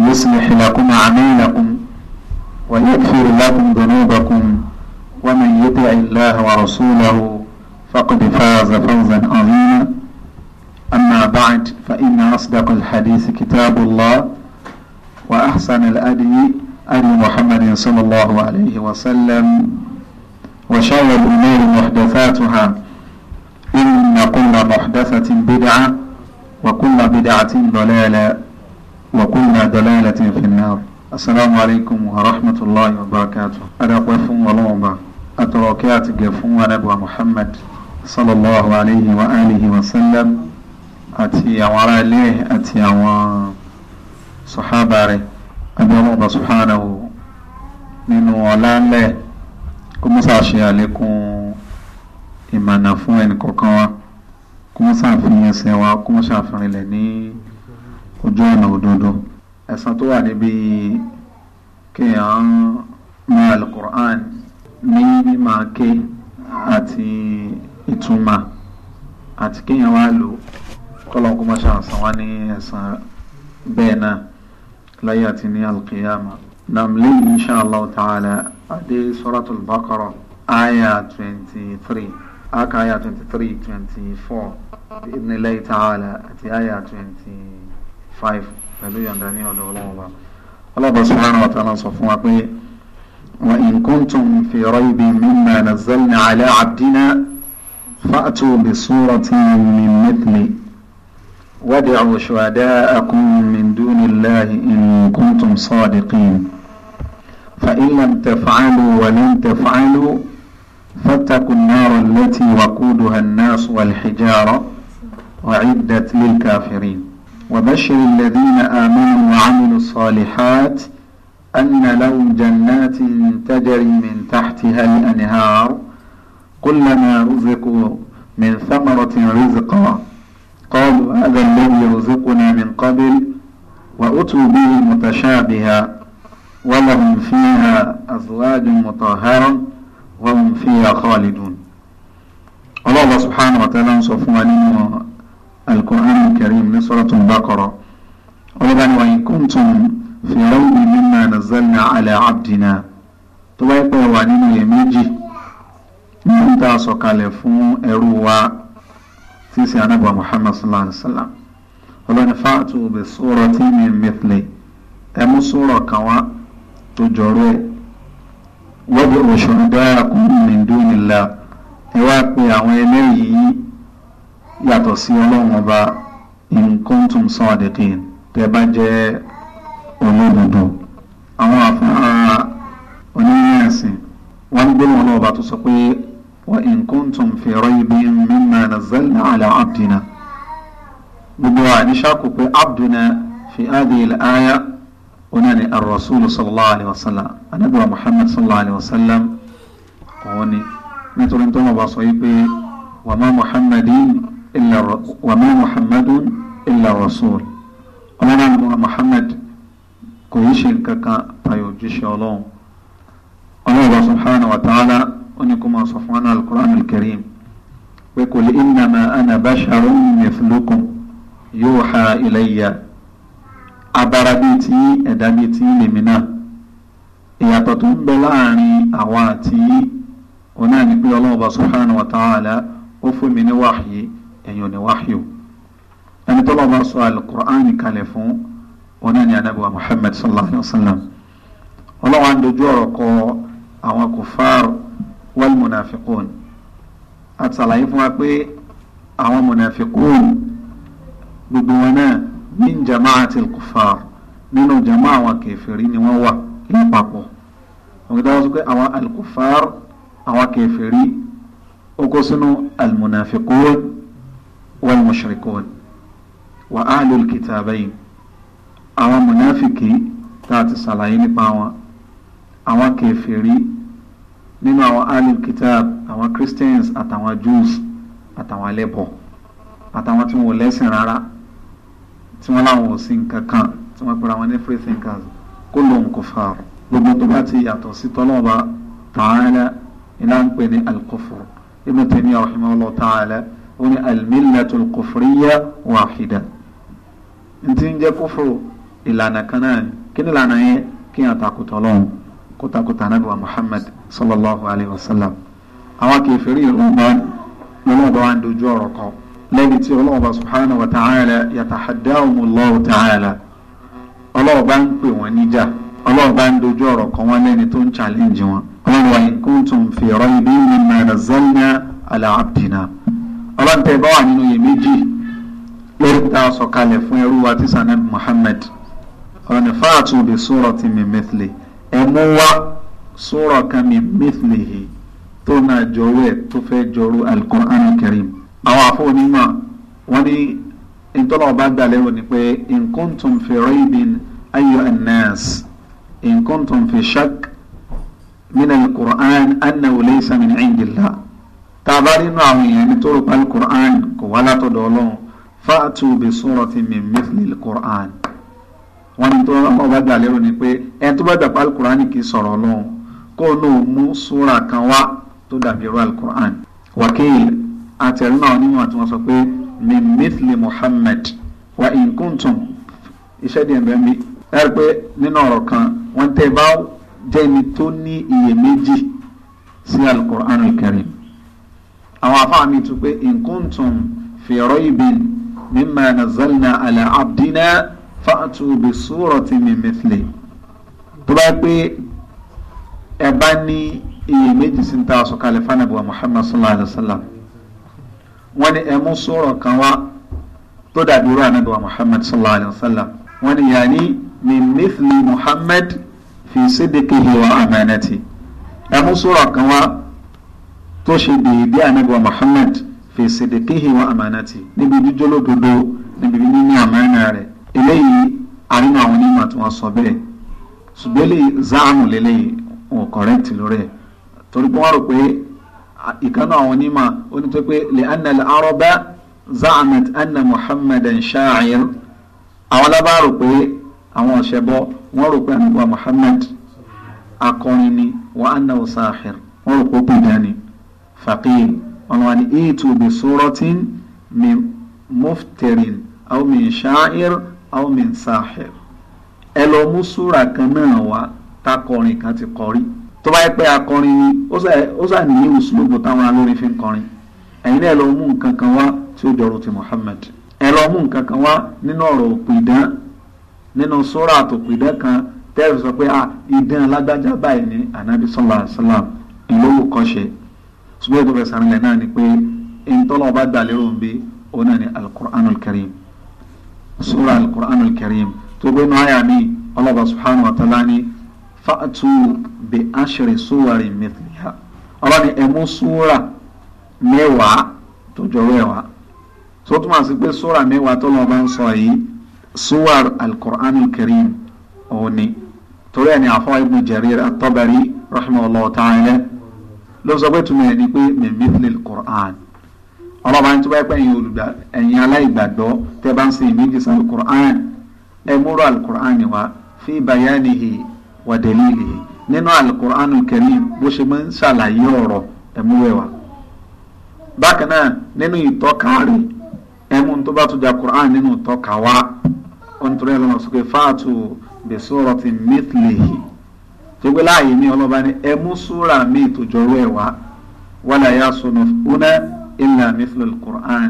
يصلح لكم أعمالكم ويغفر لكم ذنوبكم ومن يطع الله ورسوله فقد فاز فوزا عظيما أما بعد فإن أصدق الحديث كتاب الله وأحسن الأدي أدي محمد صلى الله عليه وسلم وشر الأمور محدثاتها إن كل محدثة بدعة وكل بدعة ضلالة وقلنا دلالة في النار السلام عليكم ورحمة الله وبركاته أدقفون ولوبا أتركات قفون نبوة محمد صلى الله عليه وآله وسلم أتي وراء له أتي وصحابة ري الله سبحانه من ولا له كم ساشي عليكم إما نفوين كوكوا كم سافين سوا كم سافين لني ojú ọ̀nà òdodo ẹ̀san tó wà níbi kéèyàn mọ alukur'an ní mímọ̀ ké àti ìtumọ̀ àti kéèyàn wá lò kọ́lọ́n kó má ṣe àǹsán wá ní ẹ̀san bẹ́ẹ̀ náà láyé àti ní alqiyama namlé insha allah ta'ala adé suratul baqara aya twenty three aka aya twenty three twenty four bi idhnillahi ta'ala àti aya twenty. five pẹ̀lú yọ̀ǹda ní ọ̀dọ̀ ọlọ́wọ́ wa ọlọ́ba subhanahu wa ta'ala sọ fún wa pé wa in kuntum fi raybin mimma nazzalna ala abdina fa'tu bi suratin min mithli wad'u shuhada'akum min dunillahi in kuntum sadiqin fa in lam taf'alu wa lam taf'alu فاتقوا النار التي وقودها الناس والحجارة وعدت للكافرين وبشر الذين آمنوا وعملوا الصالحات أن لهم جنات تجري من تحتها الأنهار كلما رزقوا من ثمرة رزقا قالوا هذا الذي يرزقنا من قبل وأتوا به متشابها ولهم فيها أزواج مطهرة وهم فيها خالدون الله سبحانه وتعالى سبحانه القرآن الكريم من سورة البقرة وإن كنتم في روض مما نزلنا على عبدنا تبقى وعنين يميجي من تاسو أروى إروا سيسي نبوة محمد صلى الله عليه وسلم ولن فاتوا بصورة من مثله أم صورة كوا تجروا وادعوا شهداءكم من دون الله إواكوا يا ويلي yàtọ̀ sí ọlọ́run ọba in kuntum sadiqin tẹ́ bá jẹ́ olódodo àwọn àfihàn onímọ̀ ẹ̀sìn wọ́n ń gbóhùn ọlọ́run ọba tó sọ pé wa in kuntum fi raybin mimma nazzalna ala abdina gbogbo àníṣàkó pé abdina fi hadhihi al-aya ona ni ar-rasul sallallahu alayhi wa sallam anabi muhammad sallallahu alayhi wa sallam òun ni nítorí tó wọn bá sọ yìí pé wa muhammadin illa wa ma muhammadun illa rasul ọlọ́run àgbà muhammad kò yí ṣe nǹkan kan tayọ òjíṣẹ́ ọlọ́run ọlọ́run subhanahu wa ta'ala ó ní kó máa sọ fún ọ́nà alukur'an alkarim pé kò lè innama ana basharun mithlukum yuha ilayya abara bíi ti ẹ̀dá bíi ti lèmi náà ìyàtọ̀ tó ń bẹ láàrin àwa àti ọ̀nà ni pé ọlọ́run subhanahu wa ta'ala ó fún mi ní wàhíì ẹ̀yin ò ní wáhíù ẹni tó lọ́wọ́ sọ alukur'an kalẹ̀ fún onáni anabiwa muhammad sallallahu alayhi wa sallam ọlọ́wọ́ ń dojú ọ̀rọ̀ kọ àwọn kòfàr wal munafikun àtàlàyé fún wa pé àwọn munafikun gbogbo wọn náà ní jama'atil kòfàr nínú jama'a àwọn kẹfìrí ni wọ́n wà lápapọ̀ wọ́n dáwọ́ sọ pé àwọn alukòfàr àwọn kẹfìrí ó kó sínú almunafikun. والمشركون وأهل الكتابين àwọn mùnáfìkì tá a ti ṣàlàyé nípa wọn àwọn kèfèrí nínú àwọn alil kitab àwọn christians àtàwọn jews àtàwọn alẹ́bọ̀ àtàwọn tí wọn ò lẹ́sìn rárá tí wọn láwọn ò sí nǹkan kan tí wọn pera wọn ní free thinkers kó lóun kò fa ọ gbogbo tó bá ti yàtọ̀ sí tọ́lọ́ọ̀bá tààlà ìlànà pè ní al-kufr Ibn Taymiyyah rahimahullah tààlà wọn ni almillatul kufriya wahida n ti ń jẹ́ kófòrò ìlànà kan náà ni kí ni ìlànà yẹn kí yàn takùtà ọlọ́run kó takùtà anábì wa muhammad sallallahu alayhi wa sallam àwọn kèfèrí lọ́wọ́ bá wà ń dojú ọ̀rọ̀ kan lẹ́yìn tí ọlọ́run bá subhanahu wa ta'ala yatahadahumullahu ta'ala ọlọ́run bá ń pè wọ́n níjà ọlọ́run bá ń dojú ọ̀rọ̀ kan wọ́n lẹ́ni tó ń challenge wọn ọlọ́run wa in kuntum fi raybin mimma nazzalna abdina ọlọ́run tẹ́ bá wà nínú iye méjì lórí ta sọ̀kalẹ̀ fún ẹrú wa tí sanad muhammed ọ̀rọ̀ ní fáàtù bí sọ̀rọ̀ ti mi mẹ́tìlẹ̀ ẹ mú wá sọ̀rọ̀ kan mi mẹ́tìlẹ̀ yìí tó náà jọrú ẹ̀ tó fẹ́ jọrú alukur'an karim àwọn àfọwọ́nímọ̀ wọ́n ní ìtọ́nà ọba gbalẹ̀ wọ̀ ni pé in fi raybin ayọ̀ annas in kuntum fi shak min alukur'an annahu laysa min indillah tá a bá nínú àwọn èèyàn ní tó rò pálí Qur'an kò wá látọ̀dọ̀ Ọlọ́run fáàtù bi suratin min mithlil Qur'an wọ́n ní tó ọlọ́pàá bá gbà lérò ni pé ẹni tó bá gbà pálí kì í sọ̀rọ̀ Ọlọ́run kó ló mú súra kan wá tó dàbí irú al-Qur'an wakil onímọ̀ tí wọ́n sọ pé min mithli Muhammad wa in kuntum iṣẹ́ díẹ̀ bẹ́ẹ̀ mi ẹ rí pé nínú ọ̀rọ̀ kan wọ́n tẹ́ bá jẹ́ni tó ní iyèméjì sí al-Qur'an karim àwọn afáà mi tún pé in kuntum fi raybin mimma nazzalna ala abdina fa'tu bi suratin min mithli tó bá pé ẹ bá ní iyèméjì sí ta sọ̀kalẹ̀ fanabu wa muhammad sallallahu alaihi wa sallam wọ́n ní ẹ mú kan wá tó dàbí irú anabi muhammad sallallahu alaihi wa sallam wọ́n ní yaani min mithli muhammad fi sidikihi wa amanati ẹ mú kan wá tó ṣe dèédé ànágbà Muhammad fi sidiqihi wa amanati níbi jíjọ́lódodo níbi níní àmánà rẹ̀ eléyìí àrínú àwọn onímọ̀ tí wọ́n sọ bẹ́ẹ̀ ṣùgbọ́n eléyìí záàmù lélẹ́yìí wọn kọ̀rẹ́ǹtì lórí ẹ̀ torí pé wọ́n rò pé ìkànnà àwọn onímọ̀ ó pé lè anna al-araba za'amat anna muhammadan sha'ir àwọn alábá rò pé àwọn ọ̀ṣẹ́bọ wọ́n rò pé ànágbà Muhammad akọrin ni wa anna sahir wọ́n rò pé ó pè dání faqil ọlọ́wà ní ètò bi suratin min muftirin aw min sha'ir aw min sahir ẹ lọ mú súra kan náà wá takọrin kan ti kọrí tó bá yẹ pé akọrin ni ó sà ní ní uslubu táwọn alórin fi ń kọrin ẹ̀yin náà ẹ lọ mú nǹkan kan wá tí ó jọrọ ti Muhammad ẹ lọ mú nǹkan kan wá nínú ọ̀rọ̀ òpìdán nínú súra àtòpìdán kan tẹ́ẹ̀sì sọ pé ah, ìdán alágbájá báyìí ní anabi sallallahu alaihi wasallam ìlówó kọ́ṣe ṣùgbọ́n ìgbọ́fẹ́ sàmìlẹ̀ náà ni pé ìtọ́lọ̀ bá gbà lérò ń bí òun náà ni alukur'anul karim sura alukur'anul karim tó gbé náà yà mí ọlọ́ba subhanahu wa ta'ala ni fa'atu bi ashri suwarin mithliha ọlọ́ni ẹ̀mú sura mẹ́wàá tó jọrọ ẹ̀ wá tó túmọ̀ sí pé sura mẹ́wàá tó lọ́ọ́ bá ń suwar alukur'anul karim òun ni torí ẹni àfọwọ́ ibn Jarir at-Tabari rahimahullah ta'ala ló sọ pé túmọ̀ ẹ̀ ni pé mẹ̀mífìlẹ̀ Qur'an ọlọ́ba ní tó bá pẹ́ ẹ̀yin olùgbà ẹ̀yin aláìgbàgbọ́ tẹ́ bá ń sin ìmíjì sàn Qur'an ẹ múrò alukur'an wa fi bayanihi wa dalilihi nínú alukur'an karim bó ṣe máa ń ṣàlàyé ọ̀rọ̀ ẹ múrò wa bákan náà nínú ìtọ́ka rẹ̀ ẹmu tó bá tún ja Qur'an nínú ìtọ́ka wa ọ̀n tó rẹ̀ lọ́nà sókè fáàtù bi surati mithlihi ṣe pé láàyè mi ọlọ́ba ni ẹ mú súra mi ìtòjọ́rú ẹ̀ wá wàlá yà sọ̀nà fúnà ilà mithlu qur'an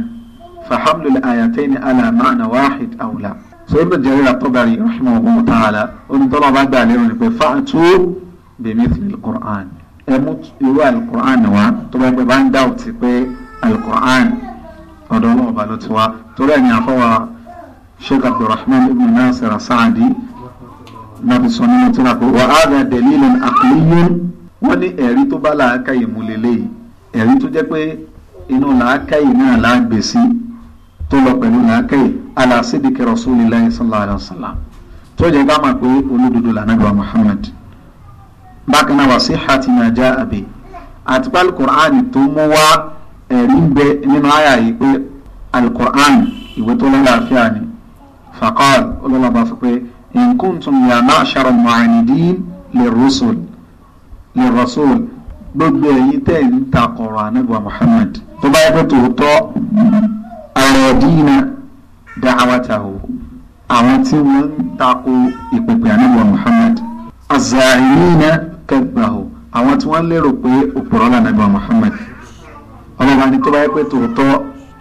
fahamlu ayatayni ala ma'na wahid awla. sọ ibi jẹ́rìí àtọ́bàrí rahimahullahu ta'ala onítọ́lọ́ bá gbà lérò ni pé fa'tu bi mithli qur'an ẹ mú irú alukur'an wá tó bá gbé bá ń dá òtí pé alukur'an ọ̀dọ́ ọlọ́ọ̀bá ló ti wá torí ẹ̀ àfọwà sheikh abdulrahman ibn nasir saadi nàbí sọ nínú tíra pé wà á rà dẹ̀lílẹ̀ àkúnyé wọ́n ní ẹ̀rí tó bá làákàyè mu lélẹ́yìí ẹ̀rí tó jẹ́ pé inú làákàyè náà láàgbè sí tó lọ pẹ̀lú làákàyè aláṣẹ́dìkẹ́ rasulillahi sallallahu alayhi wa sallam tó jẹ́ ká mà pé olódodo lànàgbà Muhammad bákan náà wà sí hati náà já àti pé alukur'an tó mú wá ẹ̀rí ń bẹ nínú àyà yìí pé alukur'an ìwé tó lọ́la àfíà ni fàkọ́ọ̀lù ọlọ́lọ́ba fún pé. إن كنتم يا معشر المعاندين للرسل للرسول gbogbo ẹ̀yin tẹ́ ń takọrọ anagba Muhammad tó bá yẹ pé tòótọ́ àròdìnà dáhàwátàwò àwọn tí wọ́n ń takò ìpèpè anagba Muhammad azàìnínà kẹgbàwò àwọn tí wọ́n lérò pé òpùrọ́ lànàgbà Muhammad ọlọ́ba ni tó bá yẹ pé tòótọ́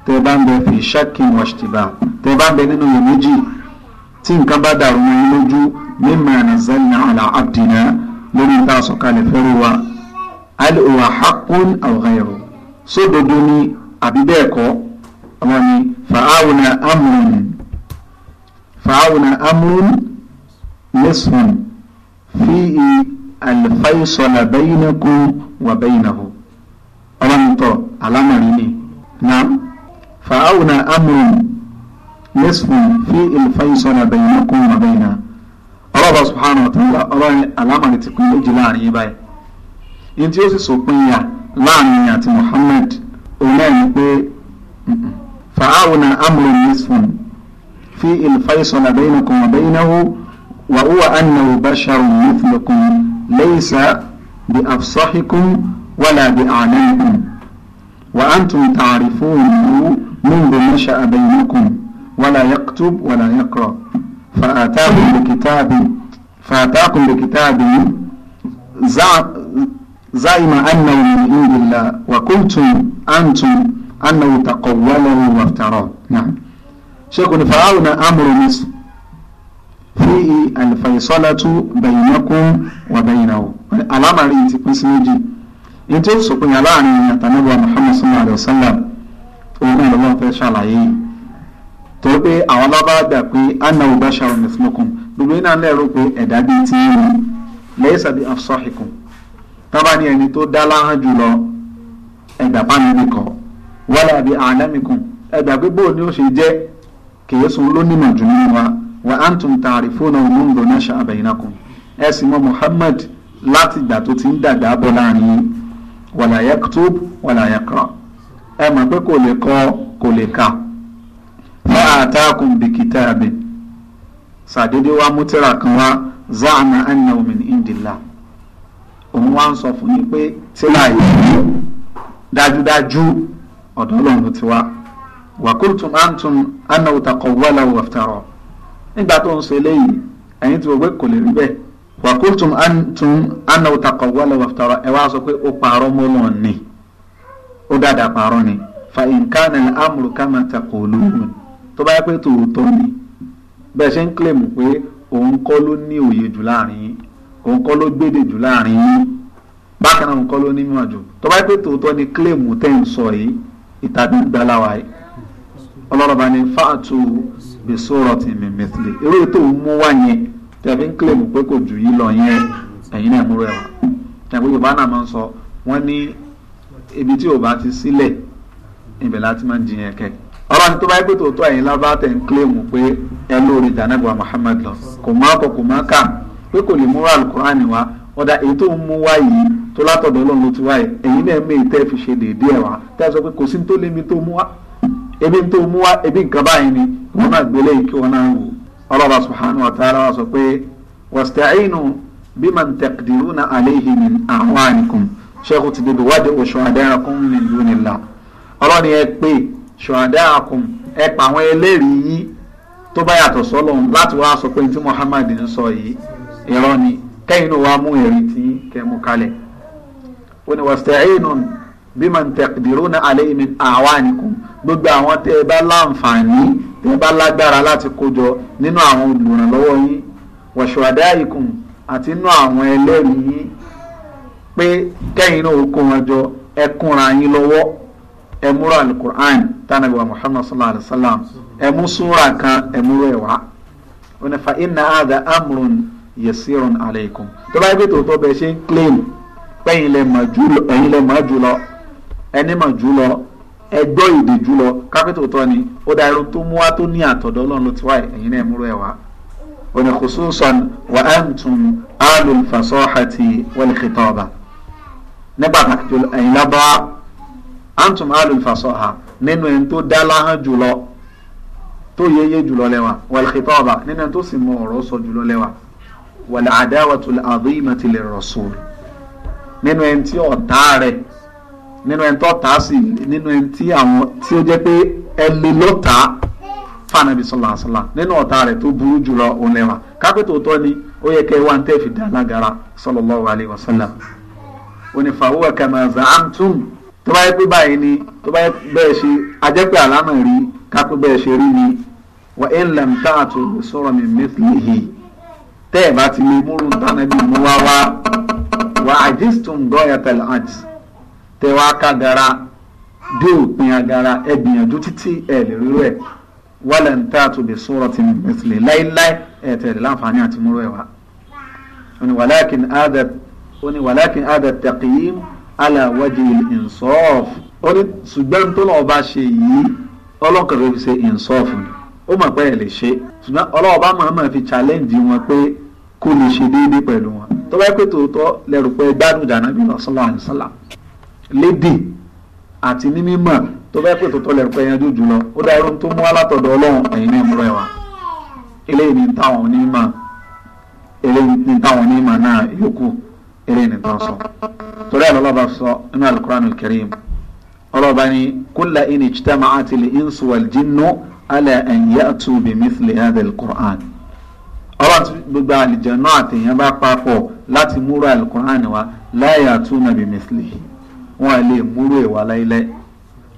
tẹ́ bá ń bẹ fi ṣákìn wọ́ṣtìbà tẹ́ bá ń bẹ nínú yòmójì tí nǹkan bá dàrú wọn lójú mímọ ànàzánná àlà abdina lórí tá a sọ̀kalẹ̀ fẹ́rù wa alẹ́ òwà hakun àwòrán sódodo ni àbí bẹ́ẹ̀ kọ́ àwọn ni fàáwùnà amúrun fàáwùnà amúrun lẹ́sùn fi alifaisola bẹ́yìnàkú wà bẹ́yìnàkú ọlọ́run tọ́ alámọ̀rin ni na fàáwùnà amúrun. يسمى في الفيصل بينكم وبين الله سبحانه وتعالى الله راي علامة تكون جلان يباي انت يوسي سوبنيا لان يات محمد ومن بي فعاونا أمر يسمى في الفيصل بينكم وبينه وهو أنه بشر مثلكم ليس بأفصحكم ولا بأعلمكم وأنتم تعرفونه منذ نشأ بينكم ولا يكتب ولا يقرأ فأتاكم بكتابي فأتاكم بكتابي زعم أنه من عند الله وقلتم أنتم أنه تقوله وافتراه نعم شيخ فرعون أمر مصر فيه الفيصلة بينكم وبينه الأمر أنت قسمي أنت سكون على أن يتنبأ محمد صلى الله عليه وسلم وقال الله تعالى torí pé àwọn bá bá gbà pé anna ubashara mithlukum gbogbo iná lẹ́rù pé ẹ̀dá bíi ti ń lẹ́yìn sàbí afsahikum tábà ní ẹni tó dá láhàn jùlọ ẹ̀dá pàmì nìkọ́ wala àbí a'lamikum ẹ̀dá pé ni ó ṣe jẹ́ kìí sun lónìmọ̀ jù nínú wa wa antum ta'rifuna mundu nasha'a bainakum ẹ sì mọ Muhammad láti ìgbà tó ti ń dàgbà bọ̀ láàrin yìí wala yaktub wala yaqra ẹ mọ̀ pé kò lè kọ kò lè kà ma ataakum bi kitaabin sàdédé wa mú tírà kan wá zaana annahu min indillah òun wá ń sọ fún yín pé tírà yìí dájúdájú ọ̀dọ̀ ọlọ́run ti wá wàkúntùm antum annahu taqawwalahu waftara nígbà tó ń sọ eléyìí ẹ̀yin ti wò pé kò lè rí bẹ́ẹ̀ wàkúntùm antum annahu taqawwalahu waftara ẹ wá sọ pé ó parọ́ mọ́ náà ni ó dáadáa parọ́ ni fa in kana al-amru kama tó bá yẹ pé tòótọ́ ni bẹ́ẹ̀ ṣe ń kílèmù pé òun kọ́ ló ní òye jù láàrin yín òun kọ́ ló gbédè jù láàrin yín bákan náà òun kọ́ ló ní mímọ̀ jù tó bá yẹ pé tòótọ́ ni kílèmù tẹ̀ ń sọ yìí ìta gbígbà láwa yìí ọlọ́run bá ní fáàtù bisorati min mithli eré tó ń mú wá yẹn tẹ̀bí ń kílèmù pé kò jù yí lọ yẹn ẹ̀yin náà múra ẹ̀wà ẹ̀gbọ́n yorùbá náà máa ń sọ wọ́n ní ibi tí yorùbá ti sílẹ̀ ibẹ̀ láti máa ń jiyàn kẹ́ẹ̀ ọlọ́run tó bá yẹ pé tòótọ́ ẹ̀yin lábá tẹ̀ ń kílèmù pé ẹ lórí ìdánẹ́gbà Muhammad lọ kò má kọ kò má kà pé kò lè múra alukur'ani wa ọ̀dà èyí tó ń mú wá yìí tó látọ̀dọ̀ ọlọ́run ló ti wá yìí ẹ̀yin náà mú ìtẹ́ fi ṣe déédéé ẹ̀ wá tẹ́ ẹ sọ pé kò sí tó lé mi tó mú wá ebi tó mú wá ebi nǹkan báyìí ni wọn náà gbélé yìí kí wọn náà wò ọlọ́ba subhanahu wa ta'ala wa sọ pé ṣọ̀hádà àkùn ẹ pa àwọn ẹlẹ́rìí yín tó bá yàtọ̀ sọ́lọ́run láti wá sọ pé tí Muhammad ń sọ yìí irọ́ ni kẹ́yìn náà wá mú ẹ̀rí tí kẹ́ mú kalẹ̀ ó ní wasta'inu biman taqdiruna alayhi min a'wanikum gbogbo àwọn tẹ́ ẹ bá láǹfààní tẹ́ ẹ bá lágbára láti kójọ nínú àwọn olùrànlọ́wọ́ yín wa shuhada'ikum àti nínú àwọn ẹlẹ́rìí yín pé kẹ́yìn náà ó kó wọn jọ ẹ lọ́wọ́ ẹ múra alukur'an tánàbí wa muhammad sallallahu alayhi wa sallam ẹ mú súra kan ẹ múra ẹ wá ó ní fa inna hadha amrun yasirun alaykum tó bá yẹ pé tòótọ́ bẹ ṣe ń claim pé ẹ̀yin lẹ mọ̀ jùlọ ẹ̀yin lẹ mọ̀ jùlọ ẹni mọ̀ jùlọ ẹgbọ́ èdè jùlọ kápẹ́tò tọ́ ni ó dá irun tó mú wá tó ní àtọ̀dọ̀ ọlọ́run ló ti wáyé ẹ̀yin náà múrò ẹ̀ wá. òní khususan wa antum alul fasahati wal khitaba ní pàtàkì jùlọ ẹ̀yin lábá antum alùfàṣọha nínú ẹni tó dá láhàn jùlọ tó yeye jùlọ lẹ́wà wàlìkìtọ́ọ̀bà nínú ẹni tó sì mọ ọ̀rọ̀ sọ jùlọ lẹ́wà wàlẹ̀ àdáwàtú àdúyìmọ̀tì lè rọ̀sùn nínú ẹni tí ọ̀tá rẹ̀ nínú ẹni tó tà á sí nínú ẹni tí àwọn tí ó jẹ́ pé ẹni ló tà á fànàbí sọlá sọlá nínú ọ̀tá rẹ̀ tó burú jùlọ òun lẹ́wà kápẹ́tò tó ní ó yẹ kẹ́ wá ń tẹ́ fi dá lágara sallallahu alaihi wasallam onífàwọ́ kàmáza àǹtún tó bá yẹ pé báyìí ni tó bá yẹ bẹ́ẹ̀ ṣe ajẹ́pẹ́ àlámọ̀ rí kápẹ́ bẹ́ẹ̀ ṣe rí ni wà á lẹ̀ ń tà àtò sọ̀rọ̀ mi mẹ́fìlìhì tẹ́ ẹ̀ bá ti lè múrun tánà bí mú wá wá wà á jíṣtùn gọ́yà pẹ̀lú àǹtí tẹ́ wá ká gara dé òpin agara ẹ gbìyànjú títí ẹ lè rírọ ẹ wà lẹ̀ ń tà àtò sọ̀rọ̀ ti mẹ́fìlì láíláí ẹ tẹ̀lé láǹfààní àti múrò ẹ wá. wàlákin àdà tẹ̀kìyìm aláwájú ìnsọ́ọ̀f ó ní ṣùgbọ́n tó lọ́ọ́ bá ṣe yìí ọlọ́kàn ló fi ṣe ìnsọ́ọ̀f ni ó mọ̀ pé ẹ̀ lè ṣe ṣùgbọ́n ọlọ́wọ́ bá mọ̀ọ́mọ̀ fi challenge wọn pé kó lè ṣe déédéé pẹ̀lú wọn tó bá pé tòótọ́ lẹ́rù pé gbádùn jàǹdà bí wọn sọ́lá àti sọ́lá lédè àti ní mímọ̀ tó bá pé tòótọ́ lẹ́rù pé yanjú jùlọ ó dá irun tó mú alátọ̀dọ̀ ọlọ́run ẹ̀yin náà múra ẹ̀ wá eléyìí ní táwọn onímọ̀ eléyìí ní táwọn onímọ̀ náà yòókù eléyìí ni tán sọ torí ẹ̀ lọ́lọ́ba sọ nínú alukuran alkarim ọlọ́ba ni kúlà in ijtama'ati al-insu wal-jinnu ala an ya'tu bi mithli hadha al-Qur'an ọlọ́run tí gbogbo àlìjẹ̀nú àtẹ̀yìn bá papọ̀ láti múrò alukuran wa la ya'tuna bi mithlihi wọn à lè múrò ìwà láìlẹ́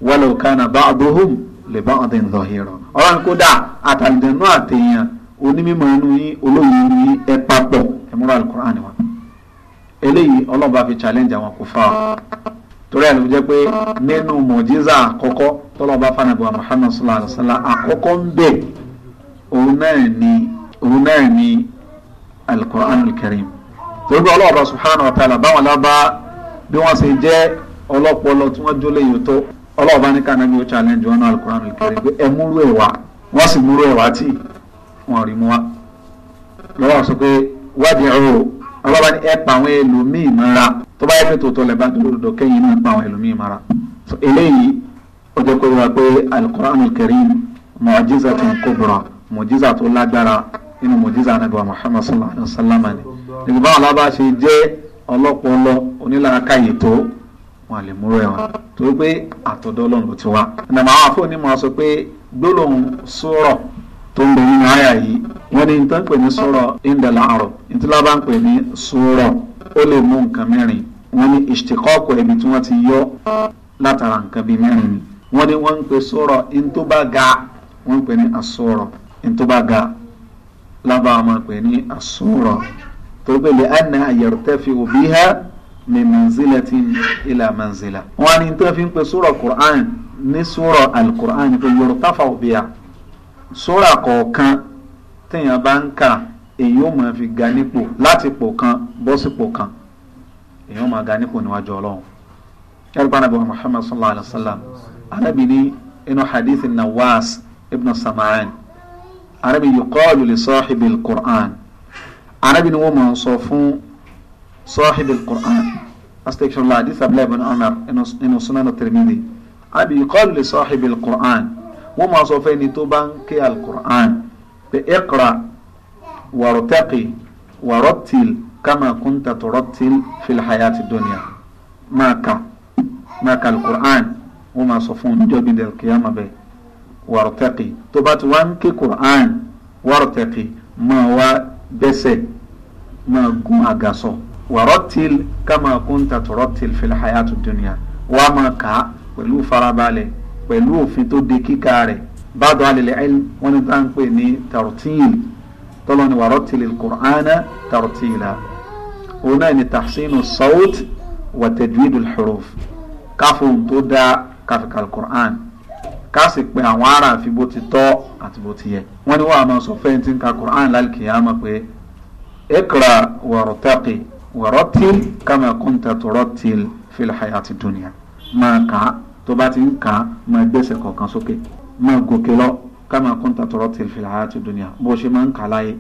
walau kana ba'duhum li ba'din zahira ọlọ́run kódà àtàlìjẹ̀nú àtẹ̀yìn onímọ̀ inú yín olóyè inú yín ẹ papọ̀ ẹ múrò alukuran wa eléyìí ọlọ́ba fi challenge àwọn kufar torí ẹ̀ ló jẹ́ pé nínú mọ̀jísà àkọ́kọ́ tọ́lọ́ba fanagba muhammad sallallahu alayhi wa sallam àkọ́kọ́ ń bẹ̀ òun náà ni òun náà ni alukur'an karim torí pé ọlọ́ba subhanahu wa ta'ala báwọn lábá bí wọ́n ṣe jẹ́ ọlọ́pọlọ tí wọ́n jó léyìí tó ọlọ́ba ní kànáà bí ó challenge wọn náà alukur'an karim pé ẹ múrú ẹ̀ wá wọ́n sì múrú ẹ̀ wá tí wọ́n rí mu wá lọ́wọ́ sọ pé wádìí ọ̀rọ̀ ọlọ́ba ni ẹ pa àwọn ẹlòmíì mọ́ra tó bá yẹ pé tòótọ́ lẹ́bàá tó lòdò kẹ́yìn náà pa àwọn ẹlòmíì mọ́ra eléyìí ó jẹ́ kó wá pé alukur'an karim mọ̀jísà tó ń kubra mọ̀jísà tó lágbára nínú mọ̀jísà anábìwá muhammad sallallahu alayhi wa sallam ni nígbà báwọn alábà ṣe jẹ́ ọlọ́pọlọ onílàákàyè tó wọn lè múrò ẹ̀wọ̀n torí pé àtọ̀dọ̀ ọlọ́run ti wá. ẹnìmọ̀ àwọn afọ́ tó ń bẹ nínú àyà yìí wọ́n ní nítorí pé ní sọ̀rọ̀ ìndẹ̀lá àrọ̀ nítorí lábá ń pè ní sọ̀rọ̀ ó lè mú nǹkan mẹ́rin wọ́n ní ìṣtìkọ́ọ̀kọ̀ ẹ̀mí tí wọ́n ti yọ látara nǹkan bíi mẹ́rin ni wọ́n ní wọ́n ń pè sọ̀rọ̀ ìntóbága wọ́n ń pè ní àsọ̀rọ̀ ìntóbága lábá máa pè ní àsọ̀rọ̀ tó gbé lè àná àyẹ̀rọ̀tẹ́fì òbí ha ní manzilati ilà manzila wọ́n ní tó fi ń pè sọ̀rọ̀ sóra kọ̀ọ̀kan téèyàn bá ń kà èyí ó máa fi ga nípò láti pò kan bọ́ sípò kan èyí ó máa ga nípò níwájú ọlọ́run ẹ̀rọ bánabí wa muhammad sallallahu alayhi wa sallam anabi ní inú hadith nawas ibn sama'an anabi yuqalu li sahibi al-qur'an anabi ni wọ́n máa sọ fún sahibi al-qur'an hadith abdullahi ibn umar inú sunan tirmidhi anabi yuqalu li sahibi al wọ́n máa sọ ni tó bá ń ké alukur'an pé ekra warutaqi warotil kama kunta torotil fil dunya máa kà máa kà alukur'an wọ́n máa sọ fún ọjọ́ bíi dẹ̀rù kìyàmà bẹ́ẹ̀ warutaqi tó bá ti wá ń ké kur'an warutaqi máa wá bẹ́sẹ̀ máa gun àgàsọ warotil kama kunta torotil fil dunya wọ́n máa kà pẹ̀lú farabalẹ̀ pẹ̀lú òfin tó de kíkà rẹ̀ bàdó alẹ́lẹ́ ẹ̀l wọ́n ní táwọn pè ní tartil tọ́lọ́ ni wàrọ́ tilẹ̀ kùránà tartila òun náà ni tahsinu sawt wa tadwidul huruf káfóun tó dáa káfíkà kùránà ká sì pe àwọn aráàfin bó ti tọ́ àti bó ti yẹ. wọ́n ní wọ́n á sọ fẹ́yìn tí ń ka Qur'an lálùkìyàmọ̀ pé ikra wartaqi warattil kama kunta turattil fil hayati dunya máa kà tó bá ti ń kà á máa gbẹ́sẹ̀ kọ̀ọ̀kan sókè máa gòkè lọ kama kunta turattil fil hayati dunya bó ṣe máa ń kà láyé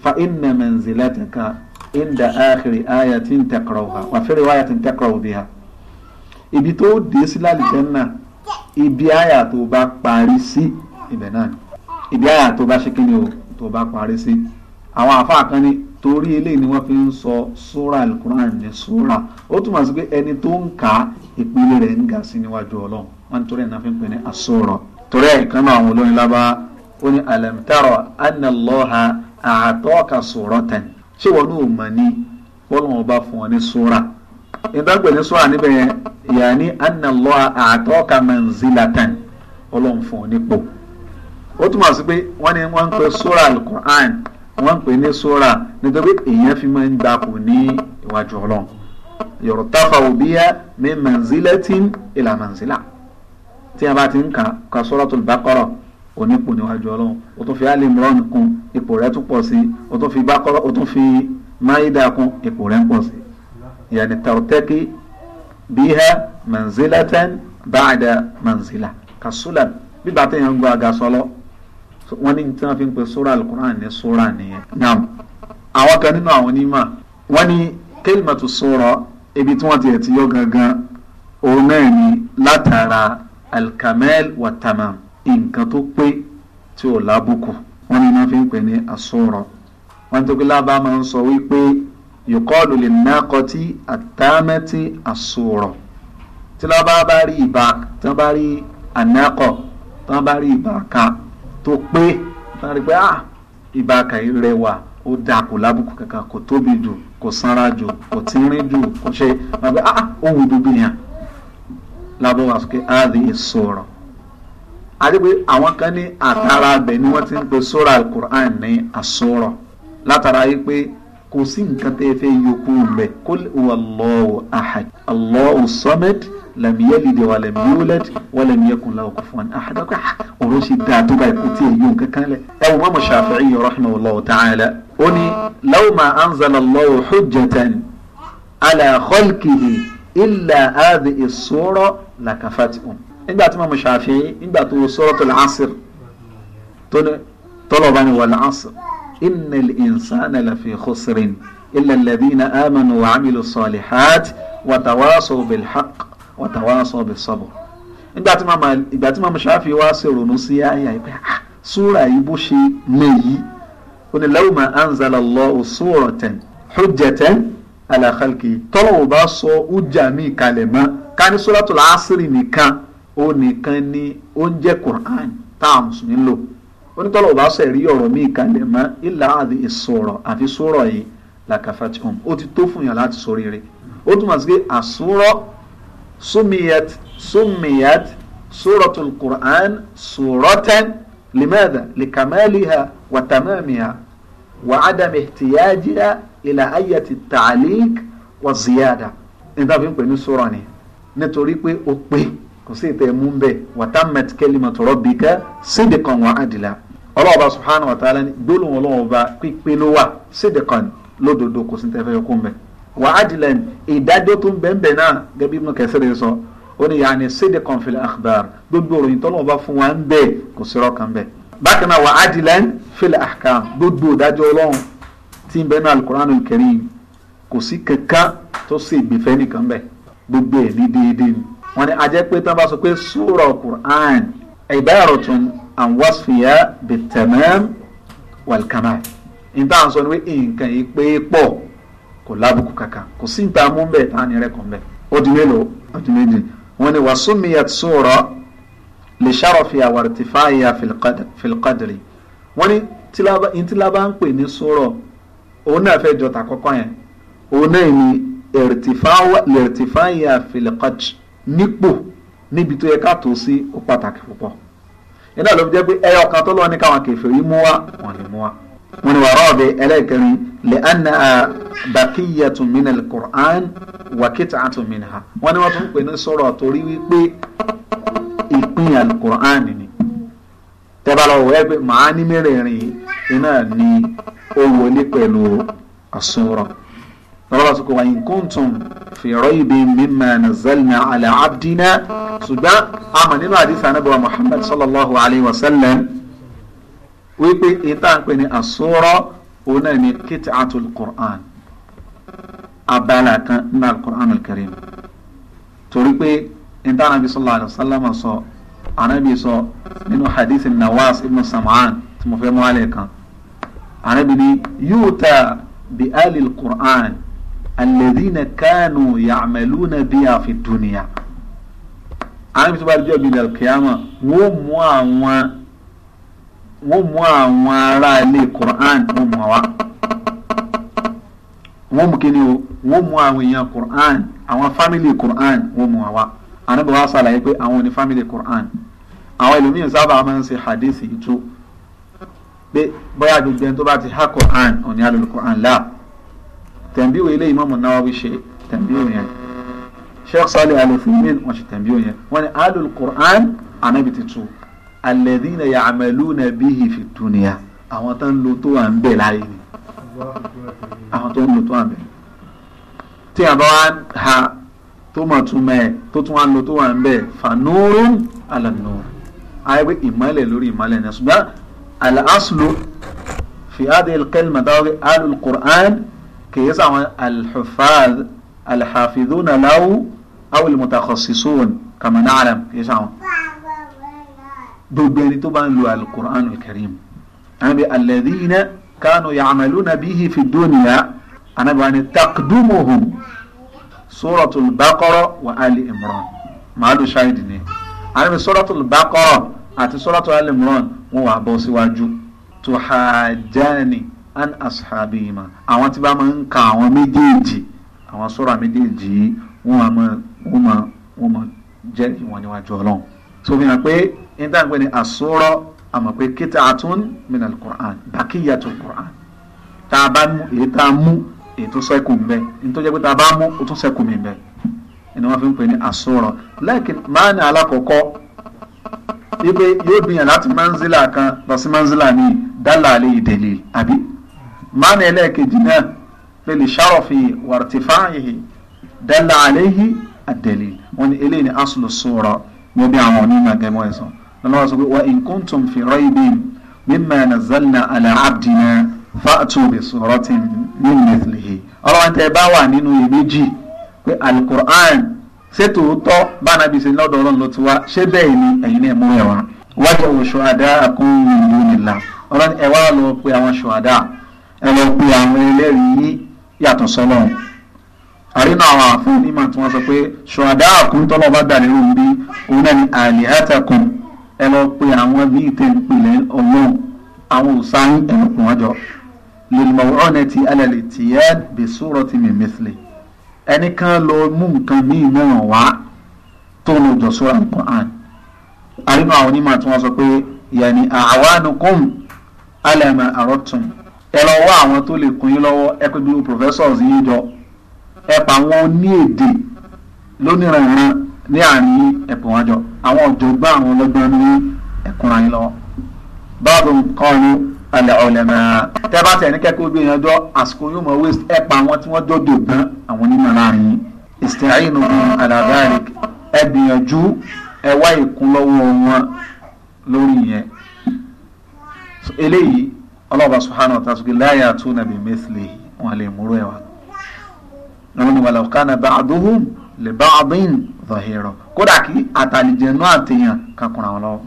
fa inna manzilataka inda akhiri ayatin takrauha wa fi riwayatin takrau biha ibi tó dé sí lálìjẹ́nà ibi àyà tó bá parí sí ibẹ̀ náà ibi àyà tó bá ṣe kí ni o tó bá parí sí àwọn àfáà kan torí eléyìí ni wọ́n fi ń sọ sura alukuran ní sura ó túmọ̀ sí pé ẹni tó ń kà á ìpele rẹ̀ ń ga sí níwájú ọlọ́run wọ́n ń torí ẹ̀ náà fi ń pè ní asura torí ẹ̀ kan náà àwọn olórin lábá ó ní alam tara anna Allaha a'taka suratan ṣé wọn ò mọ̀ ní bọ́lọ́n ọba fún ọ ní sura ìdágbẹ̀ ní sura níbẹ̀ yàní anna Allaha a'taka manzilatan ọlọ́run fún ọ nípò ó túmọ̀ sí pé wọ́n ní wọ́n ń pè sura alukuran wọ́n ń pè ní sura nítorí èèyàn fi máa ń gbapò ní iwájú ọlọ́run yorùtàfà òbíyá mi manzilatin ìlà manzila tí a bá ti ń kà ka suratul baqara onípò níwájú ọlọ́run o tún fi ali imran kún ipò rẹ̀ tún pọ̀ sí o tún fi baqara o tún fi maida kún ipò rẹ̀ ń pọ̀ sí yàní tartaki bíyá manzilatan ba'da manzila kasulan bí bàtẹ́yìn ń gbọ́ àgàsọ́lọ́ wọ́n ní tí wọ́n fi ń pe sura alukur'an ní sura nìyẹn. naam àwọn kan nínú àwọn onímọ̀ wọ́n ní kélimatu sura ibi tí wọ́n ti ẹ̀ ti yọ gangan òun náà ni látara alkamel wa tamam nǹkan tó pé tí ò lábùkù wọ́n ní wọ́n fi ń pè ní asura wọ́n ní tó pé lábàá máa ń sọ wípé yòkọ́ọ̀lù lè nákọ́tí àtàmẹ́tì asura tí lábàá bá rí ìbá tí wọ́n bá rí ànákọ̀ tí wọ́n bá rí ìbá kan tó pé tán rí pé ah ìbáka rẹwà ó dáa kò lábùkù kankan kò tóbi jù kò sanra jù kò tínrín jù kò ṣe wọn pé ah ohun dúdú yẹn lábọ́ wá sókè áàdì ìṣòro àdìgbé àwọn kan ní àtàrà abẹ ni wọ́n ti ń pe sóra alukur'an ní àṣòro látara yìí pé kò sí nǹkan tẹ́ ẹ fẹ́ yọkú mẹ́ kul wallahu ahad allahu samad lam yalid wa lam yulad wa lam yakun lahu kufuwan ahad ọ̀rọ̀ ṣe dáa tó báyìí kò tí ì yọ nǹkan kan lẹ̀. ẹ wò mọ́mọ́ Shafi'i rahimahullahu ta'ala ó ní law anzala allahu hujjatan ala khalqihi illa hadhihi as-sura lakafathum. nígbà tí mọ́mọ́ Shafi'i nígbà tó suratul tó ní إن الإنسان لفي خسر إلا الذين آمنوا وعملوا الصالحات وتواصوا بالحق وتواصوا بالصبر ìgbà tí màmá ìgbà tí màmá ṣáfi wá ṣèrònú sí àyà yìí pé ah, súra yìí bó ṣe lè yí ó ní law ma anzala Allahu suratan hujjatan ala khalqi tọ́lọ̀ ò bá sọ ọjà mi kalẹ̀ mọ́ ká ní suratul asri nìkan ó nìkan ni ó ń jẹ́ Qur'an tá a mùsùlùmí lò onítọ́lọ̀ ọba sẹ̀ rí ọ̀rọ̀ míì kalẹ̀ mọ́ ilà àti ìsọ̀rọ̀ àfi sọ̀rọ̀ yìí làkàfàtì hàn ó ti tó fún yàn láti sọ rere ó túmọ̀ sí pé àsúrọ̀ sumiyat sumiyat suratul Qur'an suratan limadha likamaliha wa tamamiha wa adam ihtiyajiha ila ayati ta'liq wa ziyada nígbà nítorí pé ó pé kò sí ìtẹ̀ mú bẹ́ẹ̀ wàtàmẹ́t kalimatu rabbika sidqan wa adla ọlọ́ọ̀ba subhanahu wa ta'ala ni gbólóhùn ọlọ́ọ̀ba pípé ló wà sidqan lódodo kò sí tẹ́fẹ́ yọkùn bẹ́ẹ̀ wa adla ìdájọ́ tó ń bẹ́ẹ̀ bẹ́ẹ̀ náà gẹ́gẹ́ bí mo kẹsìrì sọ ó ní yaani sidqan fil akhbar gbogbo òròyìn tọ́lọ́ọ̀ba fún wa ń bẹ́ẹ̀ kò sí rọ́ọ̀kan bẹ́ẹ̀ bákan náà wa adla fil ahkam gbogbo ìdájọ́ ọlọ́run tí ń bẹ́ẹ̀ náà al-Qur'anul Karim wọ́n ní ajẹ́ pé tí wọ́n bá sọ pé sura Qur'an ibaratun an wasfiya bitamam wal kamal níta à ń sọ ni pé nǹkan yìí pé pọ̀ kò lábùkù kankan kò sí níta mú bẹ́ẹ̀ tá à ní rẹ́kọ̀ọ́ bẹ́ẹ̀ ó di mélòó ó di méjì wọ́n ní wa sumiyat sura li sharafiya wa irtifaiya fil qadri wọ́n ní ń pè ní sura òun náà fẹ́ jọta kọ́kọ́ yẹn òun náà ní irtifaiya fil qadri nípò níbi tó yẹ ká tó sí ó pàtàkì púpọ̀ nígbà ló fi jẹ́ pé ẹyọ kan tó lọ ní káwọn kèfèrí mú wá wọn lè mú wá wọn ni wà rọ́ọ̀bẹ ẹlẹ́ẹ̀kẹrin lè ana bàkíyà tún mí nà kùrán wàkìtà tún mí nà wọn ni wọn tún pè ní sọ̀rọ̀ torí wípé ìpín alukur'an ni tẹ́bà lọ́wọ́ ẹgbẹ́ màá ní mẹ́rẹ̀ẹ̀rin iná ni ó wọlé pẹ̀lú àsunrọ̀ lọ́wọ́ sọ pé wàyí kúntùn fèrọ ìbí mímà nàzàlmà àlà abdina ṣùgbọ́n a mọ̀ nínú àdìsá anábọ̀ muhammad sallallahu alayhi wa sallam wípé ìta pé ní àsúrọ̀ òun náà ní kìtàtúl qur'an abala kan nínú alukur'an alkarim torí pé ìta anábì sallallahu alayhi wa sallam sọ anábì sọ nínú hadith nawas ibn sam'an tí mo fẹ́ mú alẹ́ kan anábì ní yóò ta bi alil qur'an alẹ́dínà kánú yàmẹ̀lúnà bí àfi dúnìyà àwọn tó bá dé ọ̀gbìn alkiyama wọ́n mú àwọn wọ́n mú àwọn ará ilé Qur'an wọ́n mú wa wọ́n mú kíni o wọ́n mú àwọn èèyàn Qur'an àwọn fámìlì Qur'an wọ́n mú wa ànábẹ́ wa sàlàyé pé àwọn ní fámìlì Qur'an àwọn ẹlòmíràn sábà máa ń ṣe hadith ìtú pé bóyá gbogbo ẹni tó bá ti ha Qur'an òní àlùkò Qur'an láà tẹ̀m̀bíwò ilé Imam Nawawi ṣe tẹ̀m̀bíwò yẹn Sheikh Salih Al-Uthaymeen wọ́n ṣe tẹ̀m̀bíwò yẹn wọ́n ní alul Qur'an anabi ti tu alladhina ya'maluna bihi fi dunya àwọn tó ń lo tó wà ń bẹ̀ láyé ni àwọn tó ń lo tó wà ń bẹ̀ tí a bá wá ha tó mọ̀ tún mẹ́ tó tún wá lo tó wà ń bẹ̀ fanurun ala nur ayẹwé ìmọ̀lẹ̀ lórí ìmọ̀lẹ̀ náà ṣùgbọ́n al-aslu fi hadhihi al-kalima dáwọ́ alul Qur'an. كي يزعم الحفاظ الحافظون له أو المتخصصون كما نعلم يزعم دوبين تبان القرآن الكريم يعني الذين كانوا يعملون به في الدنيا أنا بأن تقدمهم سورة البقرة وآل إمران ما له شاهدني أنا من سورة البقرة أتي سورة آل إمران وهو أبو سواجو تحاجاني an ashabihima àwọn tí bá máa ń ka àwọn méjèèjì àwọn sura méjèèjì yìí wọ́n máa wọ́n máa wọ́n máa jẹ́ ìwọ̀n níwájú ọlọ́run so fi hàn pé níta ń pè ní asura àmọ́ pé qit'atun min al-Qur'an baqiyatul Qur'an tá a bá mú èyí tá a mú èyí tó sẹ́kù ń bẹ nítorí pé tá a bá mú ó tún sẹ́kù mi ń bẹ ni fi ń pè ní asura lẹ́ẹ̀kì máa ní alákọ̀ọ́kọ́ wípé yóò gbìyànjú láti manzila kan lọ sí manzila ní dálà àlẹ́ àbí معنى لكجنا فلشرف وارتفاعه دل عليه الدليل وان إلين أصل الصورة وبيعوني ما جموزا الله سبحانه وإن كنتم في ريب مما نزلنا على عبدنا فأتوا بصورة من مثله ọlọ́run tẹ bá wà nínú iyèméjì pé alukur'an ṣètòótọ́ bánabi ṣe lọ́dọ̀ ọlọ́run ló ti wá ṣé bẹ́ẹ̀ ni ẹ̀yin náà mú ẹ̀wá wájú òṣùwàdà akúnyìnbó nìlá ọlọ́run ẹ̀wá lọ pé àwọn ṣùwàdà ẹ lọ pe àwọn ẹlẹ́rìí yàtọ̀ sọ́lọ́run àrínà àwọn àfún onímọ̀ tí wọ́n sọ pé ṣọ̀dá àkún tọ́lọ́ bá dà nínú bí òun náà ni àlè àtẹkùn ẹ lọ pe àwọn bíi tẹ̀pẹ̀lẹ̀ ọ̀wọ́n àwọn òsáyìn ẹ̀rọ̀kùn ọjọ́ lèlmọ̀wọ́rọ́ náà ti alẹ́lẹ̀ tì ẹ́ bẹ̀sùrọ̀ ti mìmẹ́sìlẹ̀ ẹnìkan lọ mú nǹkan míì náà wá tó lọ jọ sọ́ra nǹkan àn àrínà àwọn onímọ̀ tí wọ́n sọ pé yẹni àwánukum alẹ́ mọ̀ àrọ́tún ẹ lọ wá àwọn tó lè kún yín lọ́wọ́ ẹ pé gbogbo professors yín jọ ẹ pa wọn ní èdè lónìrànran ní àárín ẹ̀pọ̀ wọn jọ àwọn ọ̀jọ̀gbọ́n àwọn ọlọ́gbọ́n ní ẹ̀kúnra yín lọ́wọ́. báwo nǹkan ni alẹ́ ọ̀lẹ́mọ̀ tẹ́ bá tẹ̀ ní kẹ́kọ̀ọ́ bí èèyàn jọ àsìkò yóò mọ̀ waste ẹ pa àwọn tí wọ́n jọ dògbọ́n àwọn onímọ̀ láàrin yín. ìsìtẹ̀rínù ala dhalik ọlọ́ọ̀bà subhanahu wa ta'ala la ya'tuna bi mithlihi wọn lè múrò ẹ̀ wá. wọn ni walaw kana ba'duhum li ba'din zahira kódà kí àtàlìjẹ̀nú àtẹ̀yàn kankunra wọn lọ́wọ́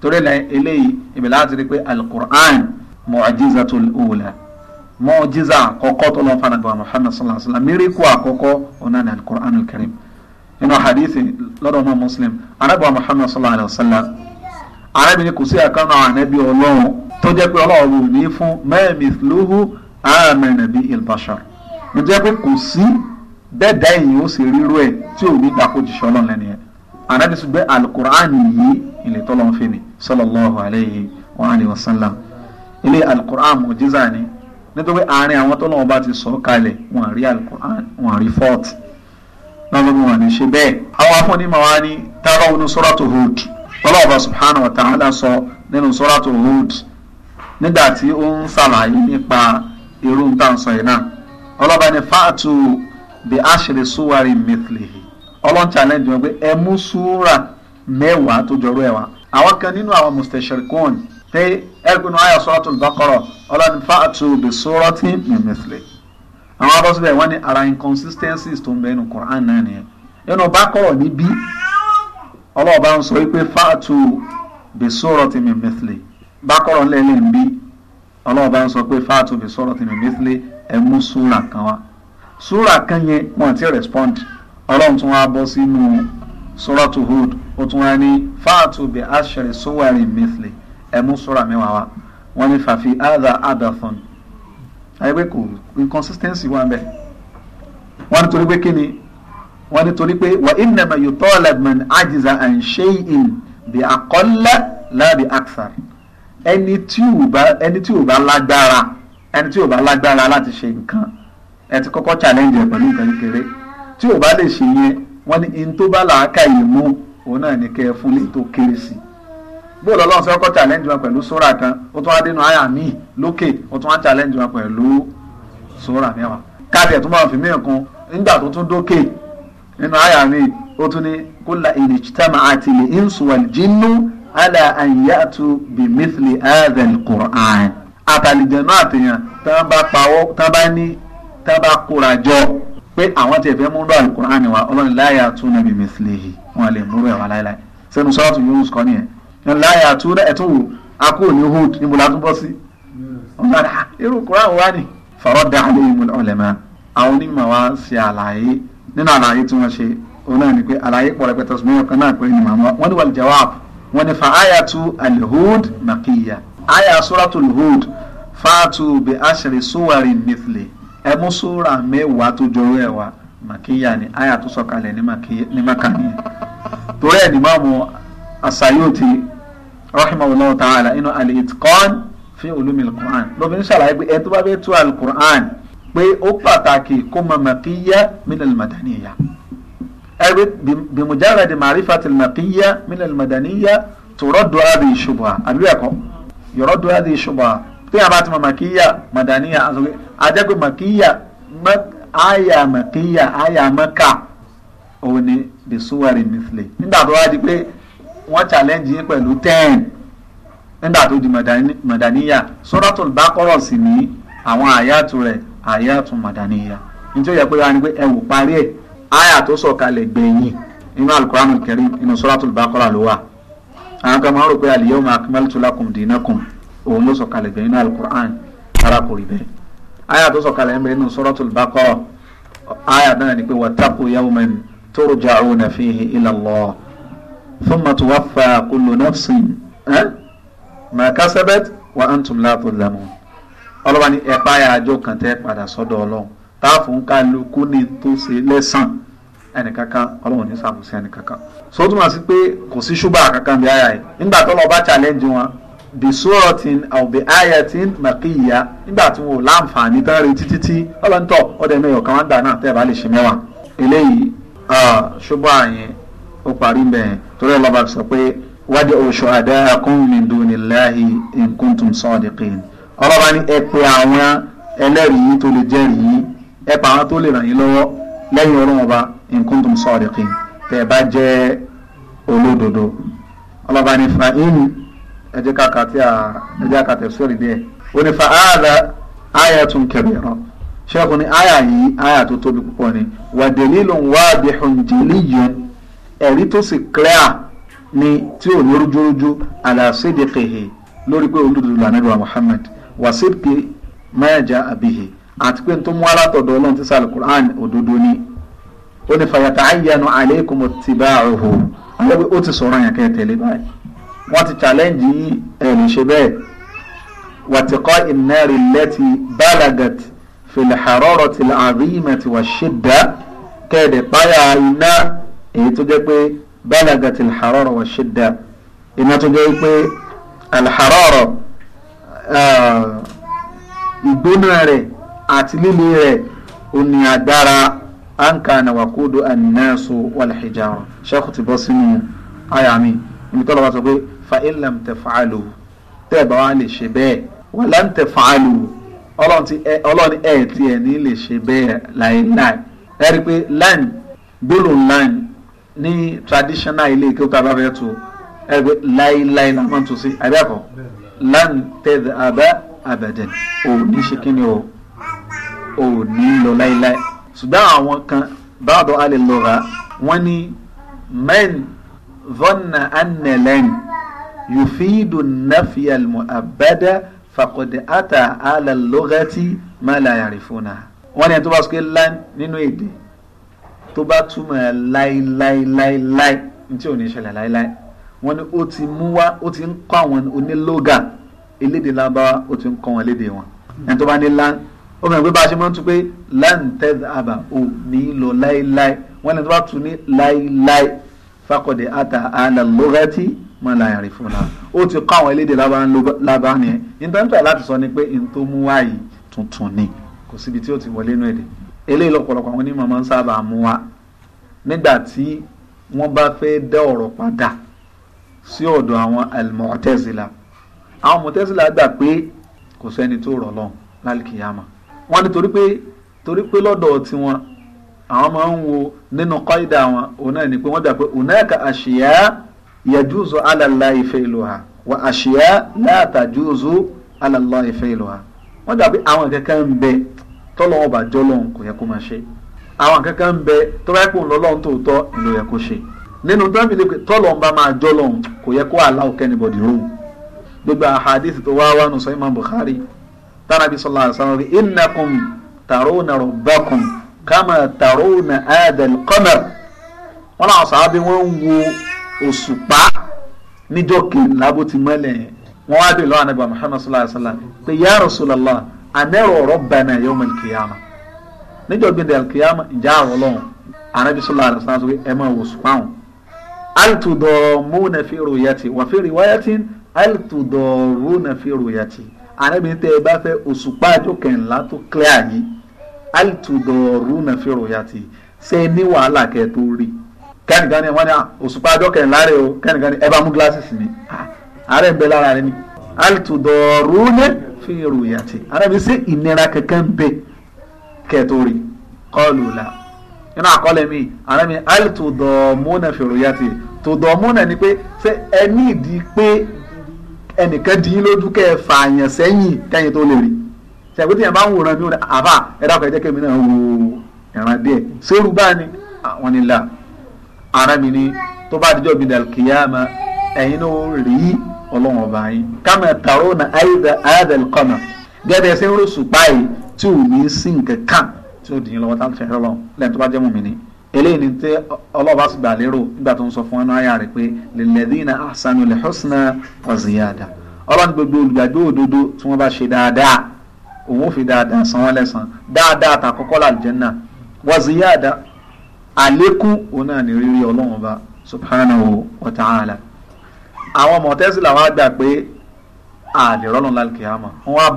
torí la eléyìí ibi láti rí pé alukur'an mu'jizatul ula mu'jiza àkọ́kọ́ tó lọ́ọ́ fanagba muhammad sallallahu alayhi wa sallam miriku àkọ́kọ́ ọ̀nà ni alukur'an karim nínú arábìnrin kò sí àkànnà ànábì ọlọ́run tó jẹ́ pé ọlọ́run ò ní fún mẹ́ẹ̀mìtìlóhù àmẹ́nàbí ilbashar ń jẹ́ pé kò sí bẹ́ẹ̀dá èyàn ó sì rírú ẹ̀ tí ò ní dàkó jìṣọ́ ọlọ́run lẹ́ni ẹ̀ anábì sọ pé alukur'an yìí ilẹ̀ tọ́lọ́ ń fèmí sallallahu alayhi wa alihi wa sallam ilé alukur'an mọ̀jísà ni nítorí àárín àwọn tọ́lọ́ ọba ti sọ kalẹ̀ wọn àrí alukur'an wọn àrí fọ́ọ̀tì ọlọ́ọ̀bà subhanahu wa ta'ala sọ nínú suratu Hud nígbà tí ó ń ṣàlàyé nípa irú ń tàn sọ yìí náà ọlọ́ọ̀bà ní fáàtù bí ashri suwari mithlihi ọlọ́n challenge wọn pé ẹ mú súra mẹ́wàá tó jọrú ẹ̀ wá àwọn kan nínú àwọn mustashirikun pé ẹgbẹ́ náà ayọ̀ suratul Baqara ọlọ́ọ̀bà ní fáàtù bí surati min mithlihi àwọn abọ́sọ̀bẹ̀ wọn ní ara inconsistencies tó ń bẹ nínú Qur'an náà nìyẹn ọlọ́run bá ń sọ wípé fáàtù bisurati min mithli bákọ́rọ̀ ńlẹ̀ lè ń bí ọlọ́run bá ń sọ pé fáàtù bisurati min mithli ẹ mú súra kan wá súra kan yẹn wọn ti respond ọlọ́run tún wá bọ́ sínú suratu Hud ó tún wá ní fáàtù bi ashri suwari mithli ẹ mú súra mẹ́wàá wá wọ́n ní fàfi ada adathon àyẹ̀wé kò inconsistency wà ń bẹ̀ wọ́n ní pé kí wọ́n ní torí pé wà innama yutalab man ajiza an shay'in bi aqalla la bi aksar ẹni tí ò bá ẹni tí ò bá lágbára ẹni tí ò bá lágbára láti ṣe nǹkan ẹ ti kọ́kọ́ challenge ẹ̀ pẹ̀lú nǹkan kékeré tí ò bá lè ṣe yẹn wọ́n ní in tó bá làákà yìí mú òun náà ní kẹ́ ẹ fún lè kéré sí i bóòlù ọlọ́run sọ kọ́ challenge wọn pẹ̀lú sóra kan ó tún wá dénú àyà míì lókè ó tún wá challenge wọn pẹ̀lú sóra mẹ́wàá káàdì ẹ̀ tó máa fi mí nínú àyà mi ó tún ní kúlà ìnìjítàmà àti ilé ìnsùwàlìjínú àlà àyàtú bìmísìlì àdàl kùrán àtàlìjẹ̀nú àtìyàn tán bá pawọ́ tán bá ní tán bá kóra jọ pé àwọn tiẹ̀ fẹ́ mú lọ àlùkùrán wa ọlọ́run láyà tún nàbì mísìlì yìí wọn lè múrò ẹ̀ wá láéláé sẹ́nu sọ́ọ̀tù Yunus kọ́ nìyẹn yẹn láyà tún ẹ̀ tún wò akó ní hood níbo la tún bọ́ sí irú kùrán wa nínú àlàyé tí wọ́n ṣe òun náà ni pé àlàyé pọ̀ rẹpẹtẹ ṣùgbọ́n ọ̀kan náà pé ni màmá wọ́n ní wal jawab wọ́n ní fa ayatu al-Hud makiya aya suratul Hud fatu bi ashri suwari mithli ẹ mú súra mẹ́wàá tó jọrọ ẹ̀ wá makiya ni aya tó sọ̀kalẹ̀ ní makaniya torí ẹ̀ ní mọ́mú asayoti rahimahullah ta'ala inú al fi ulumil Qur'an lóbi ń ṣàlàyé pé ẹ tó bá bẹ́ẹ̀ tú al pé ó pàtàkì kó mọ màkíyá minal madaniya ẹgbẹ́ bimujaradi marifatil màkíyá minal madaniya tòrọ́dọ̀ àbí ìṣubà àbí ẹ̀kọ́ yọ̀rọ̀dọ̀ àbí ìṣubà tí a bá ti mọ màkíyá madaniya àjẹgbẹ́ màkíyá àyà màkíyá àyà mẹ́ka òun ni bisuwari misle nígbà tó wá di pé wọ́n challenge yín pẹ̀lú ten nígbà tó di madaniya suratul baqara sì ní àwọn àyàtò rẹ̀ àyàtún màdàníyà nítorí yẹ pé wá ní pé ẹ wò parí ẹ àyà tó sọ̀kalẹ̀ gbẹ̀yìn nínú alukoranu karim nínú suratul baqara ló wà àwọn kan máa ń rò pé al-yawma akmaltu lakum dinakum òun ló sọ̀kalẹ̀ gbẹ̀yìn nínú alukoran ara kò rí bẹ́ẹ̀ àyà tó sọ̀kalẹ̀ ń bẹ nínú suratul baqara àyà náà ni pé wattaqu yawman turja'una fihi ila Allah thumma tuwaffa kullu nafsin eh, ma kasabat wa antum la tudlamun. ọlọ́ba ẹ àjọ kan tẹ́ padà sọ́dọ̀ ọlọ́run táàfù ń kálukú ní tó ṣe lẹ́sàn ẹnìkankan ọlọ́run ní ẹnìkankan. so ó túmọ̀ sí pé kò sí ṣúgbà kankan bí àyà yìí nígbà tó lọ́ọ́ bá challenge wọn bí sóòtìn àwòbí àyà tí ń màkì ìyá nígbà tí wọn ò láǹfààní tán retí títí ọdẹ wá ń gbà náà bá lè ṣe mẹ́wàá. eléyìí ṣùgbọ́n ó parí ọlọ́ba ní ẹ pe àwọn ẹlẹ́rìí yìí tó lè jẹ́rìí yìí ẹ pa àwọn tó lè ràn yín lọ́wọ́ lẹ́yìn ọlọ́run ọba in kuntum sadiqin tẹ́ ẹ bá jẹ́ olódodo ọlọ́ba ní fa in ẹ jẹ́ kàkà tí a ẹ kàkà tẹ̀ sórí díẹ̀ ó ní fa ààdà ayatun kabira ṣẹ́kù ní àyà yìí àyà tó tóbi púpọ̀ ni wa dalilun wadihun jaliyun ẹ̀rí tó sì clear ni tí ò ní rújúrújú ala sidiqihi lórí pé olódodo lànà ìlú Muhammad wàsíbìkì mẹ́ẹ̀já àbíyè àti pé tó mú alátọ̀dọ̀ ọlọ́run ti sàlẹ̀ quran òdodo ni ó ní fàyàtà àyànnú àlékún ti bá àròhò àwọn ó ti sọ̀rọ̀ àyànkẹ́ tẹ̀lé báyìí wọ́n ti challenge yìí ẹ̀ ṣe bẹ́ẹ̀ wàtíkọ́ ìnárì lẹ́tì balagat fìlìḥàrọ́rọ̀ ti àríyìnmẹ̀ ti wà ṣẹ̀dá kẹ́ẹ̀dẹ̀ páyà iná èyí tó jẹ́ pé balagat ìlḥàrọ́rọ̀ wà ṣẹ̀dá iná tó jẹ́ pé ìlḥàrọ́rọ̀ Eh, ìgbóná rẹ̀ àti líle rẹ̀ ó ní agbára ankana wakudu annasu wal hijara sheikh ti bọ́ sínú aya mi ibi tọ́lọ́ wa sọ pé fa ilam taf'alu tẹ́ ẹ̀ bá wa lè ṣe bẹ́ẹ̀ wa lam taf'alu ọlọ́run ẹ̀ tí ẹ̀ ní lè ṣe bẹ́ẹ̀ láéláé ẹ rí i pé lan gbólóhùn lan ní traditional ilé ìkéwọ́ tá a bá fẹ́ tu ẹ rí i pé láéláé la máa ń tu sí lan tadhaba abadan ò ní ṣe kí ni o ò ní lọ láíláí ṣùgbọ́n àwọn kan báàdọ̀ alẹ́ lọ́ra wọ́n ní man dhanna anna lan yufidu an-nafya al-mu'abbada faqad ata ala al-lughati ma la wọ́n ní ẹni tó bá sọ pé lan nínú èdè tó bá túmọ̀ láíláíláíláí ní tí ò ní ṣẹlẹ̀ láíláí wọ́n ní ó ti mú wá ó ti ń kọ́ àwọn onílógà elédè lábáwá ó ti ń kọ́ wọn lédè wọn ẹni tó bá ní lan ó fẹ́ràn pé bá a ṣe máa ń tún pé lan àbà ò ní lọ láéláé wọ́n ní tó bá tún ní láéláé fakọ̀dé ata àlà lọ́gàtì máa la yàrá fún wa ó ti kọ́ àwọn elédè lábáwá nìyẹn ìtọ́nìtọ́ láti sọ ni pé n tó mú wá yìí tuntun ni kò síbi tí ó ti wọlé inú èdè eléyìí lọ́pọ̀lọpọ̀ àwọn onímọ̀ máa ń sábà mú wa nígbà tí wọ́n bá fẹ́ dá ọ̀rọ̀ padà sí ọ̀dọ̀ àwọn al-Mu'tazila àwọn Mu'tazila gbà pé kò sẹ́ni tó rọ̀ lọ́hùn lálùkìyàmà wọ́n ní torí pé torí pé lọ́dọ̀ tiwọn àwọn máa ń wo nínú kọ́ìdà wọn òun náà ni pé wọ́n gbà pé hunaka àṣìyá yajuzu ala Allahi fi'luha wa àṣìyá la tajuzu ala Allahi fi'luha wọ́n gbà pé àwọn kankan ń bẹ tọ́lọ́wọ́ bàjọ́ lọ́hùn kò yẹ kó máa ṣe àwọn kankan ń bẹ tọ́lọ́wọ́ pò ń tòótọ́ ìlò yẹ kó ṣe nínú dábìlì pé tọ́lọ̀ ń bá máa jọ́ lọ́hùn kò yẹ kó allow anybody rò gbogbo ahadith tó wá wá nù sọ Imam Bukhari tánàbí sọlá àṣàwọn rí innakum tarawna rabbakum kama tarawna adal qamar wọn làwọn sàábí wọn ń wo òṣùpá níjọ́ kejìlá bó ti mọ́lẹ̀ yẹn wọn wá bèèrè lọ́wọ́ ànábì Muhammad sallallahu alayhi wa sallam pé ya Rasulallah anẹ́rọ̀ rabbana yawm al-qiyama níjọ́ gbẹ̀dẹ̀ al-qiyama ìjà àrọ̀ lọ́wọ́ ànábì sallallahu alayhi sọ pé ẹ máa wò sùpáwọn altudọ̀múnà fi ròyàtì wà fi rìwáyàtì altudọ̀rúnà fi ròyàtì ànábi tẹ́ ẹ bá fẹ́ òṣùpá àjọkẹ̀ńlá tó clear yìí altudọ̀rúnà fi ròyàtì ṣe ní wàhálà kẹ́ tó rí kẹ́nìkan ni wọ́n ní òṣùpá àjọkẹ̀ńlá rẹ̀ o kẹ́nìkan ni ẹ bá mú gíláṣìsì mi àárẹ̀ ń bẹ lára rẹ̀ ni altudọ̀rúnà fi ròyàtì ànábi ṣe ìnira kankan bẹ kẹ́ tó rí kọ́ọ̀lù la nínú àkọọ́lẹ̀ mi ànábi altudọ̀múnà fi ròyàtì tòdọ̀múnà ni pé ṣé ẹ ní ìdí pé ẹnìkan dín lójú kẹ́ ẹ fààyàn sẹ́yìn kẹ́yìn tó lè rí ṣàgbé tí yẹn bá ń wòran mi ò ní àbá ẹ dákọ̀ ẹ jẹ́ kẹ́mi náà wò ẹ̀ràn díẹ̀ sóru bá ní àwọn ah, nílà ara mi ni tó bá dijọ́ bíi dàlkìyàmà ẹ̀yin náà rí ọlọ́wọ́n ọba yín kámẹ tààrọ́ na ayédèl kọ́nà gẹ́gẹ́ ẹsẹ̀ rò sùpáì tí ò ní sí nǹkan kan tí ó dìyìn lọ́wọ́ tá a fẹ́ lọ́wọ́ lẹ́yìn tó bá jẹ́ mọ̀mí ni eléyìí ni tí ọlọ́ba sì gbà lérò nígbà tó ń sọ fún ọ́nà àyà rẹ̀ pé lilladhina ahsanu lilhusna wa ziyada ọlọ́run gbogbo olùgbàgbé òdodo tí wọ́n bá ṣe dáadáa òun ò fi dáadáa san wọ́n lẹ́san dáadáa tàkọ́kọ́ làlùjẹ́nà wa ziyada àlékún òun náà ní rírí ọlọ́run ọba subhanahu wa ta'ala àwọn mọ̀tẹ́sílà wa gbà pé àlè rọ́lọ́n lálùkìyàmà wọ́n wá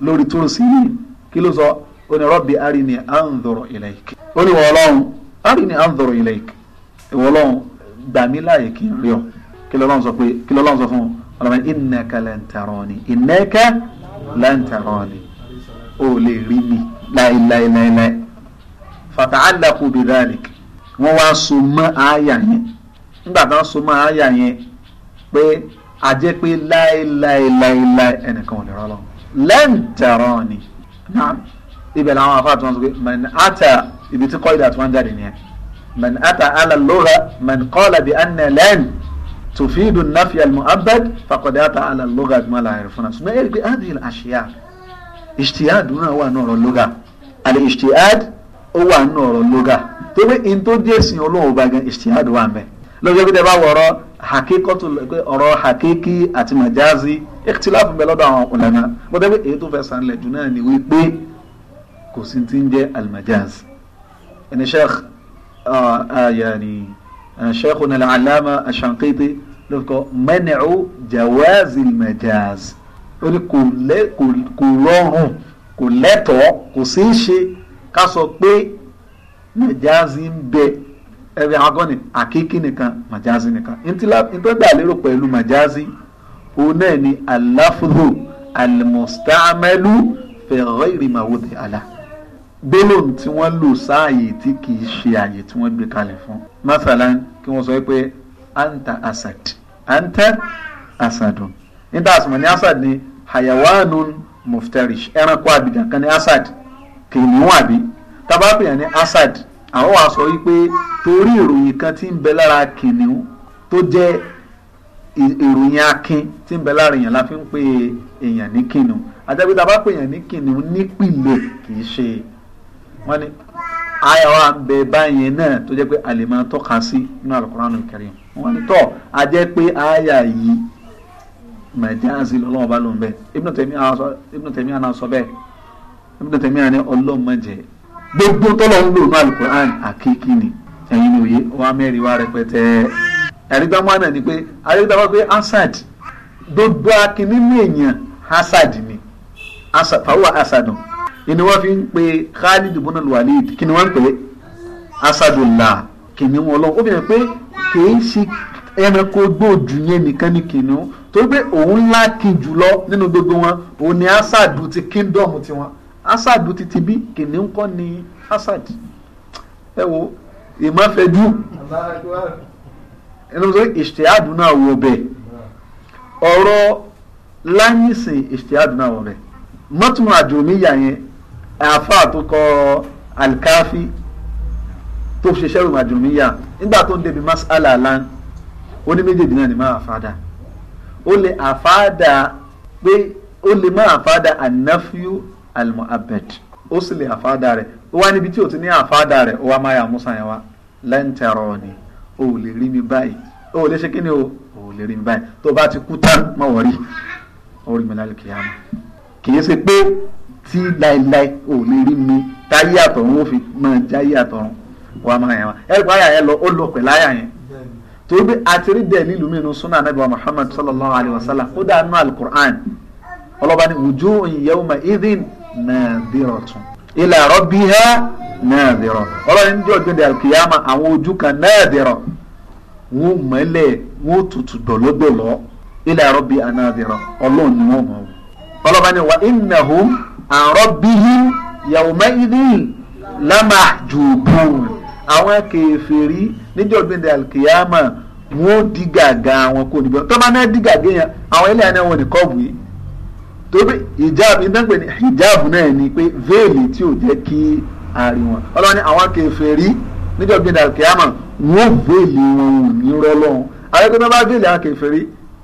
lórí tòròsílì kí ló sọ ó ní Rabbi arini anzuru ilayk ó ní wọ́n ọlọ́run arini anzuru ilayk ìwọ ọlọ́run gbà mí láàyè kí n rí ọ kí lọ́lọ́run sọ pé kí lọ́lọ́run sọ fún un ọlọ́run innaka lan tarani innaka lan tarani ó lè rí mi láìláìláìláì fata'allaqu bidhalik wọ́n wá so mọ́ àyà yẹn nígbà tí so mọ́ àyà yẹn pé àjẹ́ láìláìláìláì ẹnìkan ò lè rọ́ lẹ́ǹtẹ̀rán ni naam ibẹ̀ làwọn afa àtúntò sọ pé man ata ibi tí kọ́ìdà tí wọ́n jáde nìyẹn man ata ala lóra man kọ́ọ̀lá bi anna lẹ́ǹ tufidu nafi almu'abbad faqad ata ala lóra bí wọ́n la yẹrẹ fúnra ṣùgbọ́n ẹ̀rí pé adi àṣeyà ìṣtìyàdù náà wà ní ọ̀rọ̀ lóga àlè ìṣtìyàd ó wà ní ọ̀rọ̀ lóga tó pé in tó olóhùn ọba gan ìṣtìyàdù wà mẹ́ lọ́jọ́ pé tẹ bá wọ̀rọ̀ hakikọtu pé ọ̀rọ̀ hakiki àti majazi ìtìláfù bẹ lọ́dọ̀ àwọn ọ̀lànà bọ́dẹ́ pé èyí tó fẹ́ sàn lẹ́jù náà ni wípé kò sí ti ń jẹ́ almajaz ẹni sheikh yaani sheikhuna al-allama ashankiti ló kọ jawazi almajaz ó ní kò rọrùn kò lẹ́tọ̀ọ́ kò sí ṣe ká sọ pé majazi ń bẹ ẹ̀rẹ̀ àwọn akọni àkíkí nìkan màjáàzí nìkan ntọ́gbà lérò pẹ̀lú màjáàzí òun náà ni aláfúrò alimọ̀sítàmẹ́lú fẹ̀rọ ìrìmàwòdì àlà gbólóhùn tí wọ́n lò sáàyè tí kì í ṣe àyè tí wọ́n gbé kalẹ̀ fún. masalan kí wọ́n sọ pé anta asad anta asadun níta àsùnmọ̀ ní asad ni hayawanun muftarish ẹranko àbìjà kan ní asad kìnìún àbí tabapìyàn ní asad àwọn wàá sọ wípé torí ìròyìn kan tí ń bẹ lára kìnìún tó jẹ́ ìròyìn akin tí ń bẹ lára èèyàn la fi ń pe èèyàn ní kìnìún àjẹpẹ́ tá a bá pè èèyàn ní kìnìún nípìnlẹ̀ kì ṣe wọ́n ní àyà wa ń bẹ báyẹn náà tó jẹ́ pé a lè sí nínú Al-Qur'anul Karim wọ́n ní tọ́ a jẹ́ pé àyà yìí màjáàzì lọ́wọ́ bá lóun bẹ́ẹ̀ Ibn Taymiyyah àná sọ bẹ́ẹ̀ Ibn Taymiyyah àná ọlọ́mọdé gbogbo tọ́lọ̀ ń lò ní alukur'an àkíkí ni ẹ̀yin ni òye wa mẹ́rin wa rẹpẹtẹ àrígbàmọ́ àná ni pé àrígbàmọ́ pé asad gbogbo akínní ní èèyàn asad ni fàwọn asad ni wọ́n fi ń pe Khalid ibn al-Walid kí ni wọ́n ń pè é asadullah kìnìún ọlọ́run ó fi hàn pé kìí ṣe ẹranko gbòòjù yẹn nìkan ni kìnìún torí pé òun ńlá kìí jùlọ nínú gbogbo wọn òun ni asad ti kíndọ̀mù tiwọn asad titi bi kìnìún kọ́ ni asad ẹ wo ìmọ̀ fẹ́ dú ẹnu sọ ìṣẹ́ àdúnà wọ bẹ́ẹ̀ ọ̀rọ̀ láyìnsìn ìṣẹ́ àdúnà wọ bẹ́ẹ̀ mọ́tún àjòmíyà yẹn àáfàá tó alikafi tó fi ṣiṣẹ́ ìròyìn àjòmíyà nígbà tó ń débi masala lan ó ní méjèèjì náà ni máa fàdà ó lè àfàdà pé ó lè máa fàdà ànáfíù almuabed ó sì lè àfáàdà rẹ̀ ó wá níbi tí ò ti ní àfáàdà rẹ̀ ó wá máa yà musa yẹn wá lẹ́ńtẹ̀rọ̀ ni o ò lè rí mi báyìí o ò lè ṣe kíni o o ò lè rí mi báyìí tó o bá ti kú tán mọ̀ wọ́n rí orí mi lálẹ́ kìí àmọ́ kìí ṣe pé tí láéláé o ò lè rí mi táyé àtọ̀run ó fi máa jáyé àtọ̀run wà máa yẹn wá ẹ̀rọ àyà yẹn lọ ó lọ pẹ̀lú àyà yẹn torí pé dẹ̀ nílùú mi nù súnà anábì wa Muhammad sallallahu alayhi wa sallam ó dáa nù alukur'an ọlọ́ba ni wujuhun yawma idhin nadiratun ila rabbiha nadiratun ọlọ́run ní ọjọ́ ìdí alkiyama àwọn ojú kan nadiratun wọ́n mọ́lẹ̀ wọ́n tutù dọ̀lọ́dọ̀lọ́ ila rabbiha nadiratun ọlọ́run ni wọ́n mọ̀ ọlọ́ba ni wa innahum an rabbihim yawma idhin lamahjubun àwọn kèfèrí níjọ́ ìgbìndẹ̀ alkiyama wọ́n di gàgà àwọn kò níbẹ̀ tó torí hijab ìdánpè ní hijab náà ni pé veil tí ò jẹ́ kí a rí wọn ọlọ́ni àwọn kèfèrí níjọ́ gbẹ̀dà kíámà wọ́n veil wọn ò ní rọ́lọ́run àyẹ̀kọ́ tó bá veil àwọn kèfèrí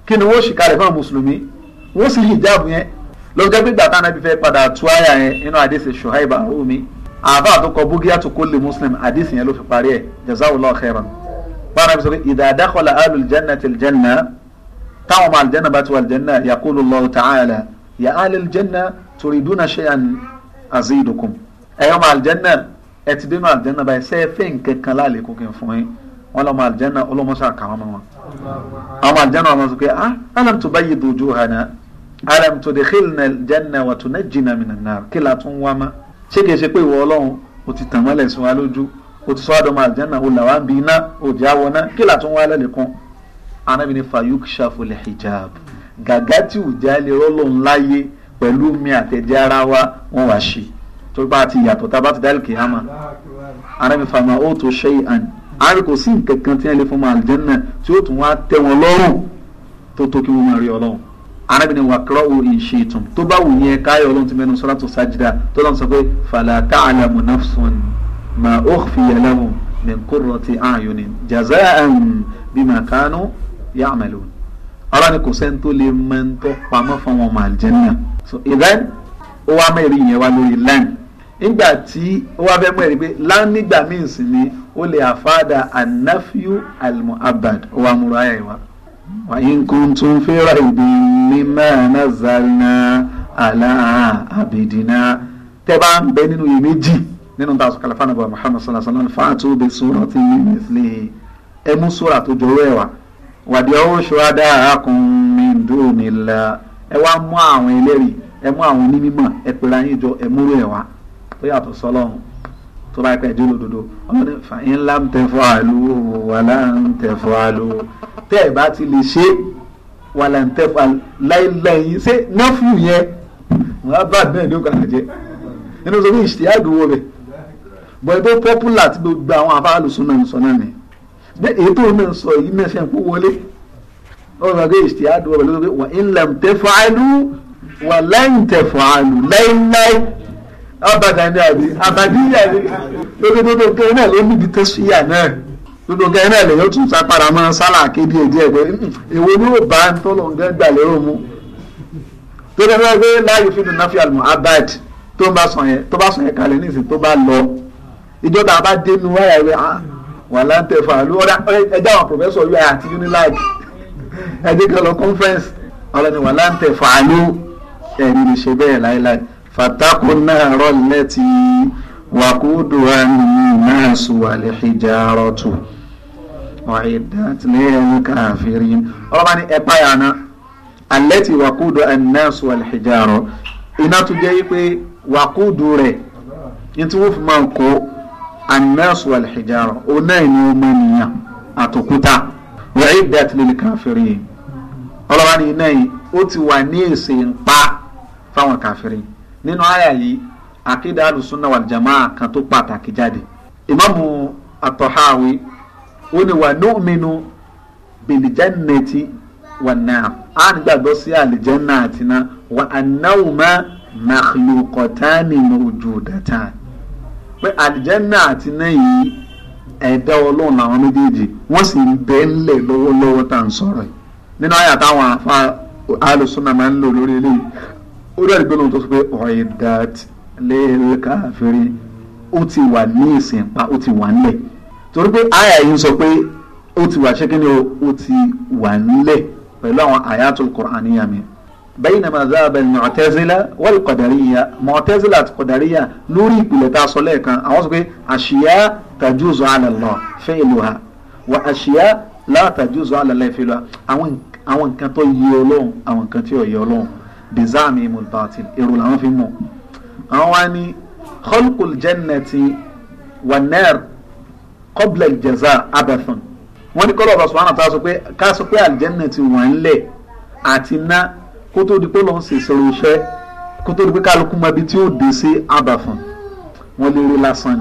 kí ni wọ́n ṣìkàlẹ̀ fún àwọn mùsùlùmí wọ́n sì hijab yẹn ló jẹ́ gbígbà táwọn ẹbí fẹ́ padà tú àyà yẹn nínú àdìsí ṣùháìbà omi àbá àtọkọ búgíà tó kó lè muslim àdìsí yẹn ló fi parí ẹ̀ jazakallahu ya alil janna turiduna shay'an azidukum ẹ̀yọ́ ọmọ aljanna ẹ ti dénú aljanna báyìí sẹ́ẹ̀ fẹ́ nǹkan kan láàlékún kí n fún yín wọn lọ́mọ aljanna ọlọ́mọṣà kà wọ́n mọ́ wọn. àwọn aljanna wọn sọ pé ah alam tubayyidu wujuhana alam tudkhilna aljanna wa tunajjina minan nar kí la tún wá má ṣé kìí ṣe pé ìwọ ọlọ́run o ti tàn mọ́lẹ̀ sí wa lójú o ti sọ àdọ́mọ aljanna o là wá bi iná o jà wọná kí la tún wá lẹ́lẹ̀kún anábìíní fayuk shafu lihijab gàgá tí ò jálè rọ́lọ́run láyé pẹ̀lú mi àtẹ̀jẹ́ ara wa wọ́n wá ṣe tó bá ti yàtọ̀ tá a bá ti dálì kìyàmà ara mi fàmà ó tó ṣe àn àrí kò sí nǹkan kan tí wọ́n lè fún ọmọ àlùjẹ́nà tí ó tún wá tẹ́ wọn lọ́rùn tó tó kí wọ́n máa rí ọlọ́run arábìnrin wa kúrọ́ o ìṣe ìtàn tó bá wù yẹn káyọ̀ ọlọ́run ti mẹ́nu sọ́ra tó sájìdá tó lọ́n sọ pé fàlà tá a mà ó fi yà lẹ́wọ̀n min qurrati a'yunin jaza'an bima kanu ya'malun ọlọ́ ni kò sẹ́ni tó lè mọ pamọ́ fún wọn máa jẹ́ náà so ìrẹ́n ó wá mẹ́rin yẹn wá lórí lẹ́n nígbà tí ó wá bẹ́ẹ̀ mẹ́rin pé lẹ́n nígbà míì sì ni ó lè àfáàdà anafiu almuabad ó wá múra ayà ìwà. wàyí kuntum fi raibin mimma nazzalna ala abidina tẹ́ bá ń bẹ nínú iyèméjì nínú tá a sọ kàlẹ́ fún anabi muhammad sallallahu alaihi wa sallam fa'atu bi surati mithlihi ẹ mú sura tó jọ wá wàdíọ́wò ṣọ́ádá arákùnrin min dunillah ẹ wá mú àwọn ẹlẹ́rìí ẹ mú àwọn onímọ̀ ẹ pèrè ayé jọ ẹ múrò ẹ wá ó yàtọ̀ sọlọ́run tó bá pẹ́ dúró dodo ọmọ ní fàyín ńlá ń tẹ̀fọ́ àlù wàlá ń tẹ̀fọ́ àlù tẹ́ ẹ bá ti lè ṣe wàlá ń tẹ̀fọ́ àlù láìláyìn ṣé nọ́fù yẹn wọ́n á bá bẹ́ẹ̀ ní òkàlà jẹ́ nínú sọ fún ìṣìyàgbọ́ rẹ̀ bọ̀ ẹ tó pọ́pùlà tí gbogbo àwọn àbáàlùsùn ètò náà sọ yìí náà ṣe ń kó wọlé ọ̀rọ̀ àgbẹ̀ ìṣtì àdó ọ̀rọ̀ lórí wà ń làm tẹ́ fàálù wà láyìn tẹ́ fàálù láyìnláyì abàdàn ní àbí àbàdíyà ní lókèdódó kẹrin náà ló níbi tẹ́síyà náà lódò kẹrin náà lèyàn tún sápàdà máa sálà kéde èdè ẹgbẹ́ hmm, èwo ni ó bá ń tọ́lọ̀ ń gbà lérò mu tó dẹ́ fẹ́ gbé láàyè fídùn náà fi àlùmọ́ abad tó bá sàn tó bá sàn yẹn nísìnyí tó bá lọ ìjọba abá dénú wáyà rẹ̀ hàn ah, wà láǹtẹ̀ fàálù ọ̀dà ẹ̀dá àwọn professor UI àti UNILAG ẹ̀dí kan lọ conference ọlọ́ni wà láǹtẹ̀ fàálù ẹ̀rí lè ṣe bẹ́ẹ̀ láíláí fatakun náà rọ́ọ̀lẹ́ ti wàkúdù náà sùwàlẹ̀ hijarọ́tù ọ̀ẹ́dàtìlẹ́yìn káfírin ọlọ́ba ní ẹ̀pá yàrá alẹ́ ti wàkúdù náà sùwàlẹ̀ hijarọ́ iná tún jẹ́ wípé wàkúdù rẹ̀ ní tí wọ́n fi máa ń kó annas wal hijara òun náà ni ọmọ ènìyàn àtòkúta wẹ́ẹ́ ìdẹ́tìlẹ́lì káfíìrì yìí ọlọ́wà ní iná yìí ó ti wà ní èsè ńpa fáwọn káfíìrì nínú àyà yìí àkídà alùsùnà wal jamaa kan tó pàtàkì jáde ìmáàmù àtọ̀háwé ó ní wà nu'minu bil jannati wan nar á gbàgbọ́ sí àlìjẹ́nà àtiná wà annáwùmá makhluqatani mawjudatan pé àlìjẹ́nà àti nẹ́yìn ẹ̀dá ọlọ́run làwọn méjèèjì wọ́n sì ń bẹ́ ńlẹ̀ lọ́wọ́lọ́wọ́ tá à ń sọ̀rọ̀ yìí nínú àyà táwọn afa alùsùnà máa ń lò lórí eléyìí ó dàbí pé lóun tó sọ pé ọ̀ẹ́dàt lẹ́ẹ̀rẹ́ káfíìrì ó ti wà ní ìsìnpa ó ti wà ńlẹ̀ torí pé àyà yìí ń sọ pé ó ti wà ṣẹ́kínni ó ti wà ńlẹ̀ pẹ̀lú àwọn àyàtul Qur'aniyya mi بينما ذهب المعتزلة والقدرية معتزلة قدرية لوري بلتا صليكا أعوذ أشياء تجوز على الله فعلها وأشياء لا تجوز على الله فعلها أوان أوان كان تو يولون أوان كان تو يولون بزعمهم الباطل إرو لهم في مو أواني خلق الجنة والنار قبل الجزاء عبث wọ́n ní kọ́lọ́ ọ̀bà sùnwọ́n àtàwọn sọ pé ká sọ kó tó di pé lọ́n ṣe ìṣòro iṣẹ́ kó tó di pé kálukú mọ ibi tí ó dé sí àbàfọ̀n wọn lè eré lásán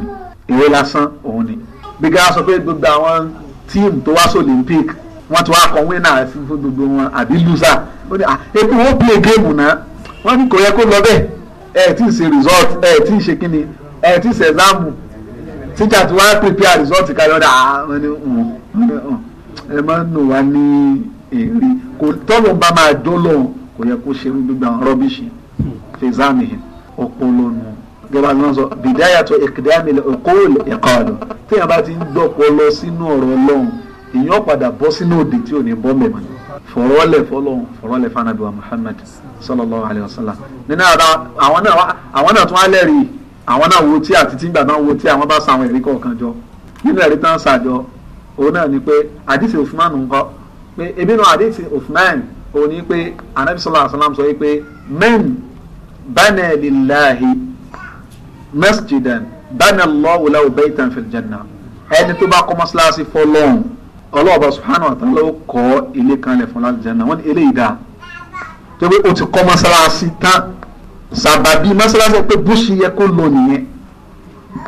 ni eré lásán òun ni bí ká sọ pé gbogbo àwọn tíìmù tó wá sí Olympic wọ́n ti wá kọ wínà fún gbogbo wọn àbí lùsà ó ní ebi wọ́n play game náà wọ́n ní kò yẹ kó lọ bẹ́ẹ̀ ẹ̀ tí ṣe result ẹ̀ tí ì ṣe kíni ẹ̀ tí ì ṣe exam tíjà tí wọ́n prepare result káyọ̀ dà wọ́n ní ẹ má nù wá ní èrè kò tọ́lọ̀ bá máa dún lóhùn kò yẹ kó ṣerú gbígbà rọ́bìṣì fèzámì ọpọlọ nù gẹ́gẹ́ bí wọ́n sọ bìdáyàtọ̀ ìkìdámì ọkọ̀ọ̀lù ẹ̀kọ́ọ̀lù téèyàn bá ti ń dọ̀pọ̀ lọ sínú ọ̀rọ̀ ọlọ́run èèyàn padà bọ́ sínú òde tí ò ní bọ́ mẹ́mọ́ fọ̀rọ̀lẹ̀ fọlọ́run fọ̀rọ̀lẹ̀ fanabiwa Muhammad sallallahu alayhi wa sallam nínú àwọn náà tún á lẹ́rìí àwọn náà wo tí àti tìǹgbà ó ní pé anabi sallallahu alayhi wa sallam sọ wípé men bana lillahi masjidan bana allahu lahu baytan fil janna ẹni tó bá kọ́ mọ́ṣáláṣí fọlọ́hún ọlọ́ọ̀bá subhanahu wa ta'ala ó kọ́ ilé kanlẹ̀ fún aljanna wọ́n ní eléyìí dáa tó pé o ti kọ́ mọ́ṣáláṣí tán sàbàbí mọ́ṣáláṣí pé búṣì yẹ kó lò nìyẹn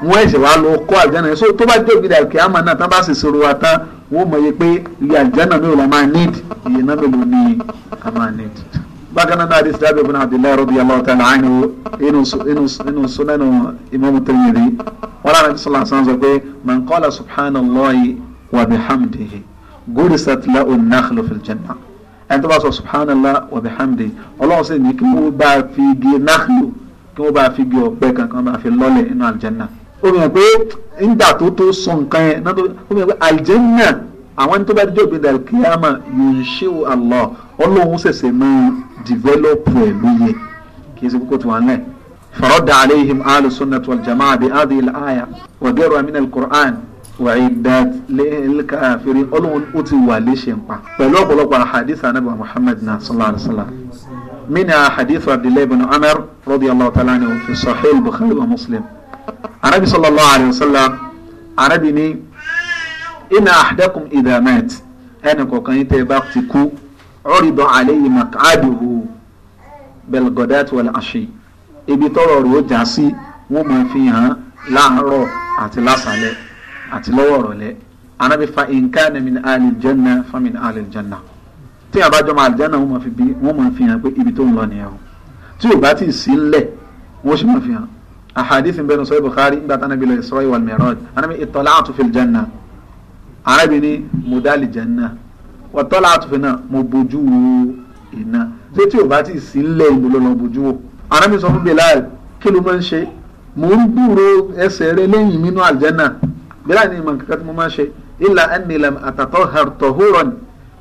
wọ́n ẹ̀sẹ̀ wá lọ kọ́ aljanna yẹn so tó bá jẹ́ òbí dàkẹ́ àmà náà tán bá sì sọ̀rọ̀ wa tán wọ́n mọ̀ yẹ pé iye àlìjáná mi ò la máa need iye náà mélòó ni a máa need. bákan náà dáadé sàbẹ̀ ibn Abdullah radiyallahu ta'ala anhu inú sunanu Imam Tirmidhi wọn lára ní sọlá sàn sọ pé man qala subhanallahi wa bihamdihi gurisat lahu an-nakhlu fil ẹni tó bá sọ subhanallah wa bihamdihi ọlọ́run sì ní kí wọ́n bá fi igi náà kí wọ́n bá fi igi ọ̀pẹ kankan bá fi lọ́lẹ̀ inú àlìjáná ó fi hàn pé nígbà tó tó sọ nǹkan yẹn náà tó fi hàn pé àlìjẹ́nà àwọn tó bá dé òbí dàrú kíámà yóò ṣe Allah ọlọ́run ṣẹ̀ṣẹ̀ máa dìvẹ́lọ́pù ẹ̀ lóye kì í ṣe kókó tó wà náà. فرد عليهم أهل السنة والجماعة بهذه الآية وغيرها من القرآن وعدت للكافرين ọlọ́run ó ti wà léṣe ń pa pẹ̀lú ọ̀pọ̀lọpọ̀ àhàdísà anábì muhammad náà sallallahu alayhi wa sallam منها حديث عبد الله بن عمر رضي الله تعالى عنه في صحيح البخاري ومسلم arabi sallallahu alayhi wa sallam arabi ni ina ahdakum idha mat ẹnì kọ̀ọ̀kan yìí tẹ́ ẹ bá ti kú ọ̀rìdọ̀ àlẹ́yìn maq'aduhu belgodat wal ashi ibi tọrọ rò já sí wọn máa fi hàn láàárọ̀ àti lásàlẹ̀ àti lọ́wọ́ ọ̀rọ̀lẹ́ arabi fa in kana min alil janna fa min alil janna tí a bá jọ máa aljanna wọn máa fi hàn pé ibi tó ń lọ o tí o bá ti sí ńlẹ̀ wọn sì máa fi hàn ahadith ń bẹnu sọ Bukhari nígbà tí anabi lọ Isra wal Mi'raj anabi ittala'tu fil janna arabi ni mo dálì janna wa tala'tu fi náà mo bójú wo iná ṣé tí o bá ti sí ńlẹ̀ ìlú lọ́nà bójú wo anabi sọ fún Bilal kí ló máa ń ṣe mo ń gbúrò ẹsẹ̀ rẹ lẹ́yìn mi nínú àlùjànnà Bilal ni ìmọ̀ kankan tí mo máa ń anni lam atatahhar tahuran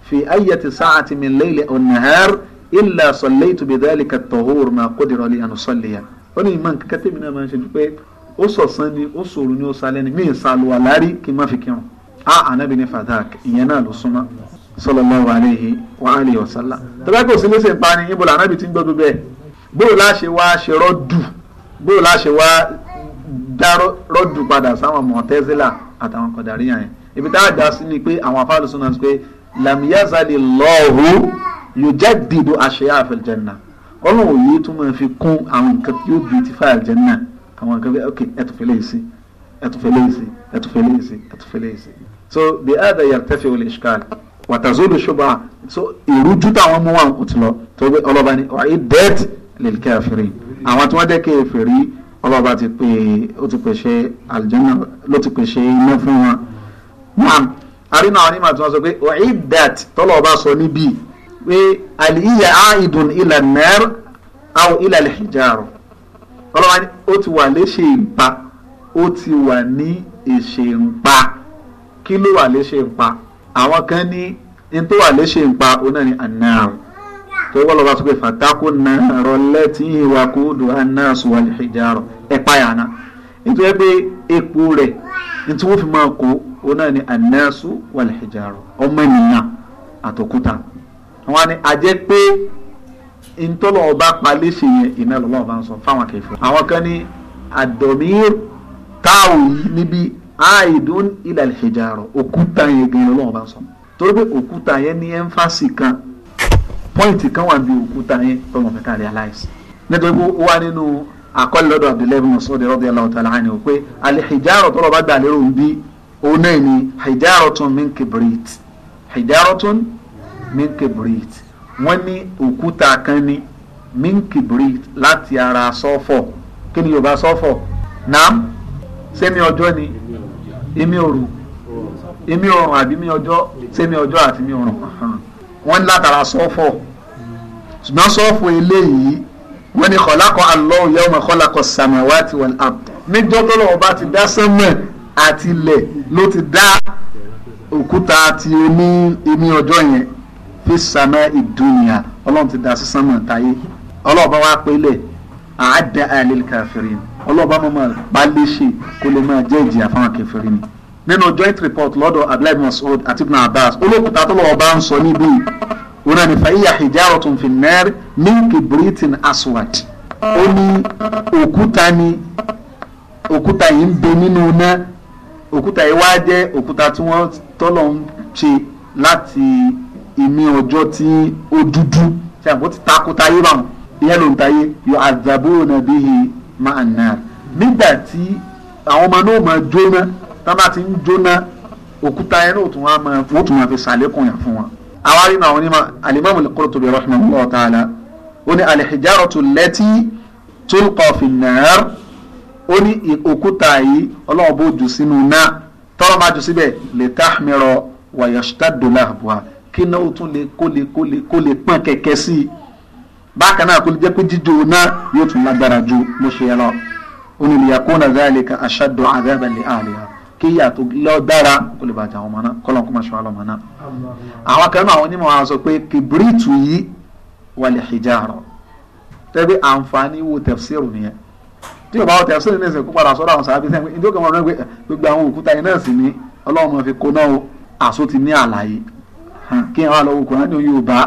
fi ayyati sa'ati min layli aw nahar illa sallaytu bidhalika at ma qudira li an usalliya ó ní ìmọ̀ nǹkan tẹ́mi náà máa ń ṣe ni pé ó sọ̀sán ni ó sòrò ni ó salẹ́ ni mí ìsàlù àlárí kí n má fi kírun a ànábì ní fadak ìyẹn náà ló súnmọ́ sallallahu alayhi wa alihi wa sallam tọ́lá kò sí léṣe pa ni ibo làǹábì ti ń gbọ́dọ̀ bẹ́ẹ̀ bóò láṣẹ wá ṣe rọ́dù bóò láṣẹ wá dá rọ́dù padà sáwọn mọ̀tẹ́sílà àtàwọn kọ̀dàríyàn yẹn ibi tá a dá sí ni pé àwọn afáàlùsùn náà sọ pé lam yazali Allahu yujaddidu àṣeyà fil janna kọ́lọ̀ òye tún máa fi kún àwọn nǹkan tí ó beautify àlùjánnà àwọn nǹkan bí ok ẹ̀tùfẹ́lẹ́ yìí sí ẹ̀tùfẹ́lẹ́ yìí sí ẹ̀tùfẹ́lẹ́ yìí sí ẹ̀tùfẹ́lẹ́ yìí sí. so the other yartafi wal ishkal wàtàzódò ṣọba so ìrújú táwọn mú wa kò ti lọ tó gbé ọlọ́ba ni ọ̀hìn death lil kafirin àwọn tí wọ́n jẹ́ kèfèrí ọlọ́ba ti pè ó ti pèsè àlùjánnà ló ti pèsè iná fún wọn. arínà àwọn onímọ̀ tí wọ́n sọ pé ọ̀hìn death tọ́lọ̀ ọba sọ níbí pé àlìyà àìdùn ilà nẹ́rù àwọn ilà lẹ́hìjàrò ọlọ́wà ni ó ti wà léṣe ìpa ó ti wà ní èṣe ńpa kí ló wà léṣe ńpa àwọn kan ní n tó wà léṣe ńpa òun náà ni ànáàrùn tó wọ́n lọ́ba sọ pé fàtákù nàárọ̀ lẹ́tí ìwà kúndùn anáàsù wà lẹ́hìjàrò ẹ̀ páyà nítorí pé epo rẹ̀ ní tí wọ́n fi máa kó òun ni anáàsù wà lẹ́hìjàrò ọmọ ènìyàn àtòkúta wọ́n ní àjẹ́ pé ntọ́lọ́ ọba palẹ́ ṣe yẹn iná lọ́wọ́ ọba ń sọ fáwọn kẹfẹ́. àwọn kan ní àdọ̀mír táwò yìí níbi àìdún ilà ìṣèjàrọ̀ òkúta yẹn gan lọ́wọ́ ọba ń sọ. torí pé òkúta yẹn ní ẹ́ńfàsì kan pọ́ìntì kan wà bí òkúta yẹn tọ́lọ̀ fẹ́ ká realize. nítorí pé ó wà nínú àkọlé lọ́dọ̀ Abdullahi bin minkibrit wọ́n ní òkúta kan ní minkibrit láti ara sọ́fọ̀ kí ni yorùbá sọ́fọ̀ naam sẹ́mi ọjọ́ ni èmi òru èmi ọ̀run àbí mi ọjọ́ sẹ́mi ọjọ́ àti mi ọ̀run wọ́n ní látara sọ́fọ̀ ṣùgbọ́n sọ́fọ̀ eléyìí wọ́n ní kọ̀lákọ̀ Allahu yawma khalaqa as-samawati wal ard níjọ́ tó lọ́wọ́ bá ti dá sánmọ̀ àti ilẹ̀ ló ti dá òkúta ti oní èmi ọjọ́ yẹn fi sàmà ìdúnìyà ọlọ́run ti dá sí sánmà táyé ọlọ́ọ̀bá wa pélé àádá àlèlè káfírin ọlọ́ọ̀bá mọ̀ máa paléṣe kó lè máa jẹ́ ìjìyà fáwọn kẹfìrin nínú joint report lọ́dọ̀ abdullahi masoud àti ibn abbas olókùtà tó lọ́wọ́ bá ń sọ níbí wọn náà nífa ìyá hijaro tó ń fi nẹ́ẹ̀rì mílíkì britain aswad ó ní òkúta ni òkúta yìí ń bẹ nínú náà òkúta yìí wá jẹ́ òkúta tí wọ́n tọ́lọ̀ ń ṣe láti ìmí ọjọ́ tí ó dúdú ṣàǹkó ti takotáyé báwọn ìyẹn ló ń tayé yọ àdàbòrò bihi máa nà nígbà tí àwọn ọmọ náà máa jóná tá bá ti ń jóná òkúta yẹn náà tún wá máa fún òtún máa fi ṣàlékún yàn fún wọn. àwa rí àwọn onímọ̀ alimami al-Qurtubi rahimahullah ta'ala ó ní al-hijaratu allati tulqa fi an ó ní òkúta yìí ọlọ́wọ́ bó jù sínú náà tọ́lọ́ máa jù síbẹ̀ litahmira wa yashtaddu lahbuha kí náà ó tún lè kó lè kó lè kó lè pọ́n kẹ̀kẹ́ sí i bákan náà kó lè jẹ́ pé jíjó náà yóò tún lágbára ju mo ṣe yẹ lọ onílìyàkóna zálika ashaddu azaban li ahliha kí yàtọ̀ lọ́dára kó lè bàjẹ́ àwọn ọmọ náà kọ́lọ́n kó máa ṣọ́ àlọ́mọ náà. àwọn kan náà àwọn onímọ̀ wa sọ pé kibiritu yìí wal hijara tẹ́bí àǹfààní wo tafsiru nìyẹn tí o bá wọ tafsiru ní ìsìnkú padà sọ́dọ̀ àwọn sàbí sẹ́yìn ìdókòwò rẹ̀ gbogbo àwọn òkúta yìí náà sì ní ọlọ́run fi kó náà àsó ti ní àlàyé kí wọn lọ wo kùránì yorùbá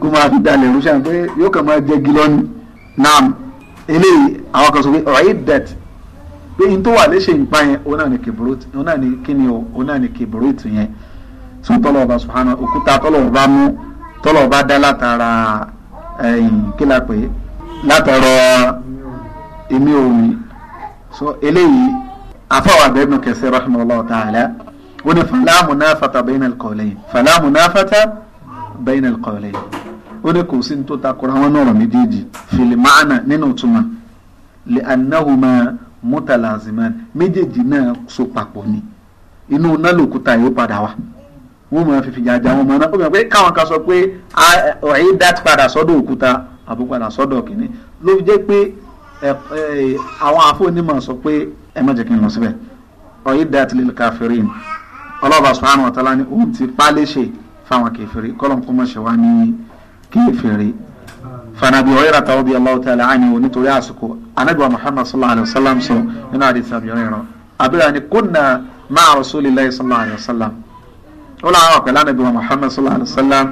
kó máa fi dalẹ̀ rú sàn pé yóò kàn máa jẹ gilọ́nù nam eléyìí àwọn kan sọ pé ọ̀rọ̀ yìí dẹ̀t pé n tó wà léṣe nǹkan yẹn òun ni kìbìrìtì òun náà ni kíni o òun náà ni kìbìrìtì yẹn sọ tọ́lọ̀ ọba sùhánà òkúta tọ́lọ̀ ọba mú tọ́lọ̀ ọba dá látara ẹ̀yìn kí la pè é látara èmi òun so eléyìí afọwọ́ abẹ́nu kẹsẹ̀ rahmanulah ta'ala ó ní fala munafata bayna al-qawlayn fala munafata bayna al-qawlayn ó ní kò sí ní tó takora wọn náà rọ méjèèjì fil ma'na nínú túmọ̀ li annahuma mutalaziman méjèèjì náà so papọ̀ ni inú náà lòkúta yóò padà wá wọn máa fi fìjà jà wọn máa náà ó bẹ̀rẹ̀ pé káwọn kan sọ pé ọ̀hìn dat padà sọ́dọ̀ òkúta àbúpadà sọ́dọ̀ kìíní ló fi jẹ́ pé àwọn àfọ̀nímọ̀ sọ pé ẹ má jẹ́ kí n lọ síbẹ̀ ọ̀hìn dat lil kafirin ọlọ́ba subhanahu wa ta'ala ni òun ti pálí ṣe fáwọn kèfèrí kọ́lọ́n kó mọ̀ ṣe wá ní kèfèrí. fanabi ọ̀yẹ́ra tàwọn bíi aláwọ̀ tààlà á ní o nítorí àsìkò anábìwá muhammad sallallahu alayhi wa sallam sọ nínú àdìsí àbíọ̀rẹ́ ìran àbíọ̀rẹ́ ni kunna ma'a rasulillahi sallallahu alayhi sallallahu alayhi wa sallam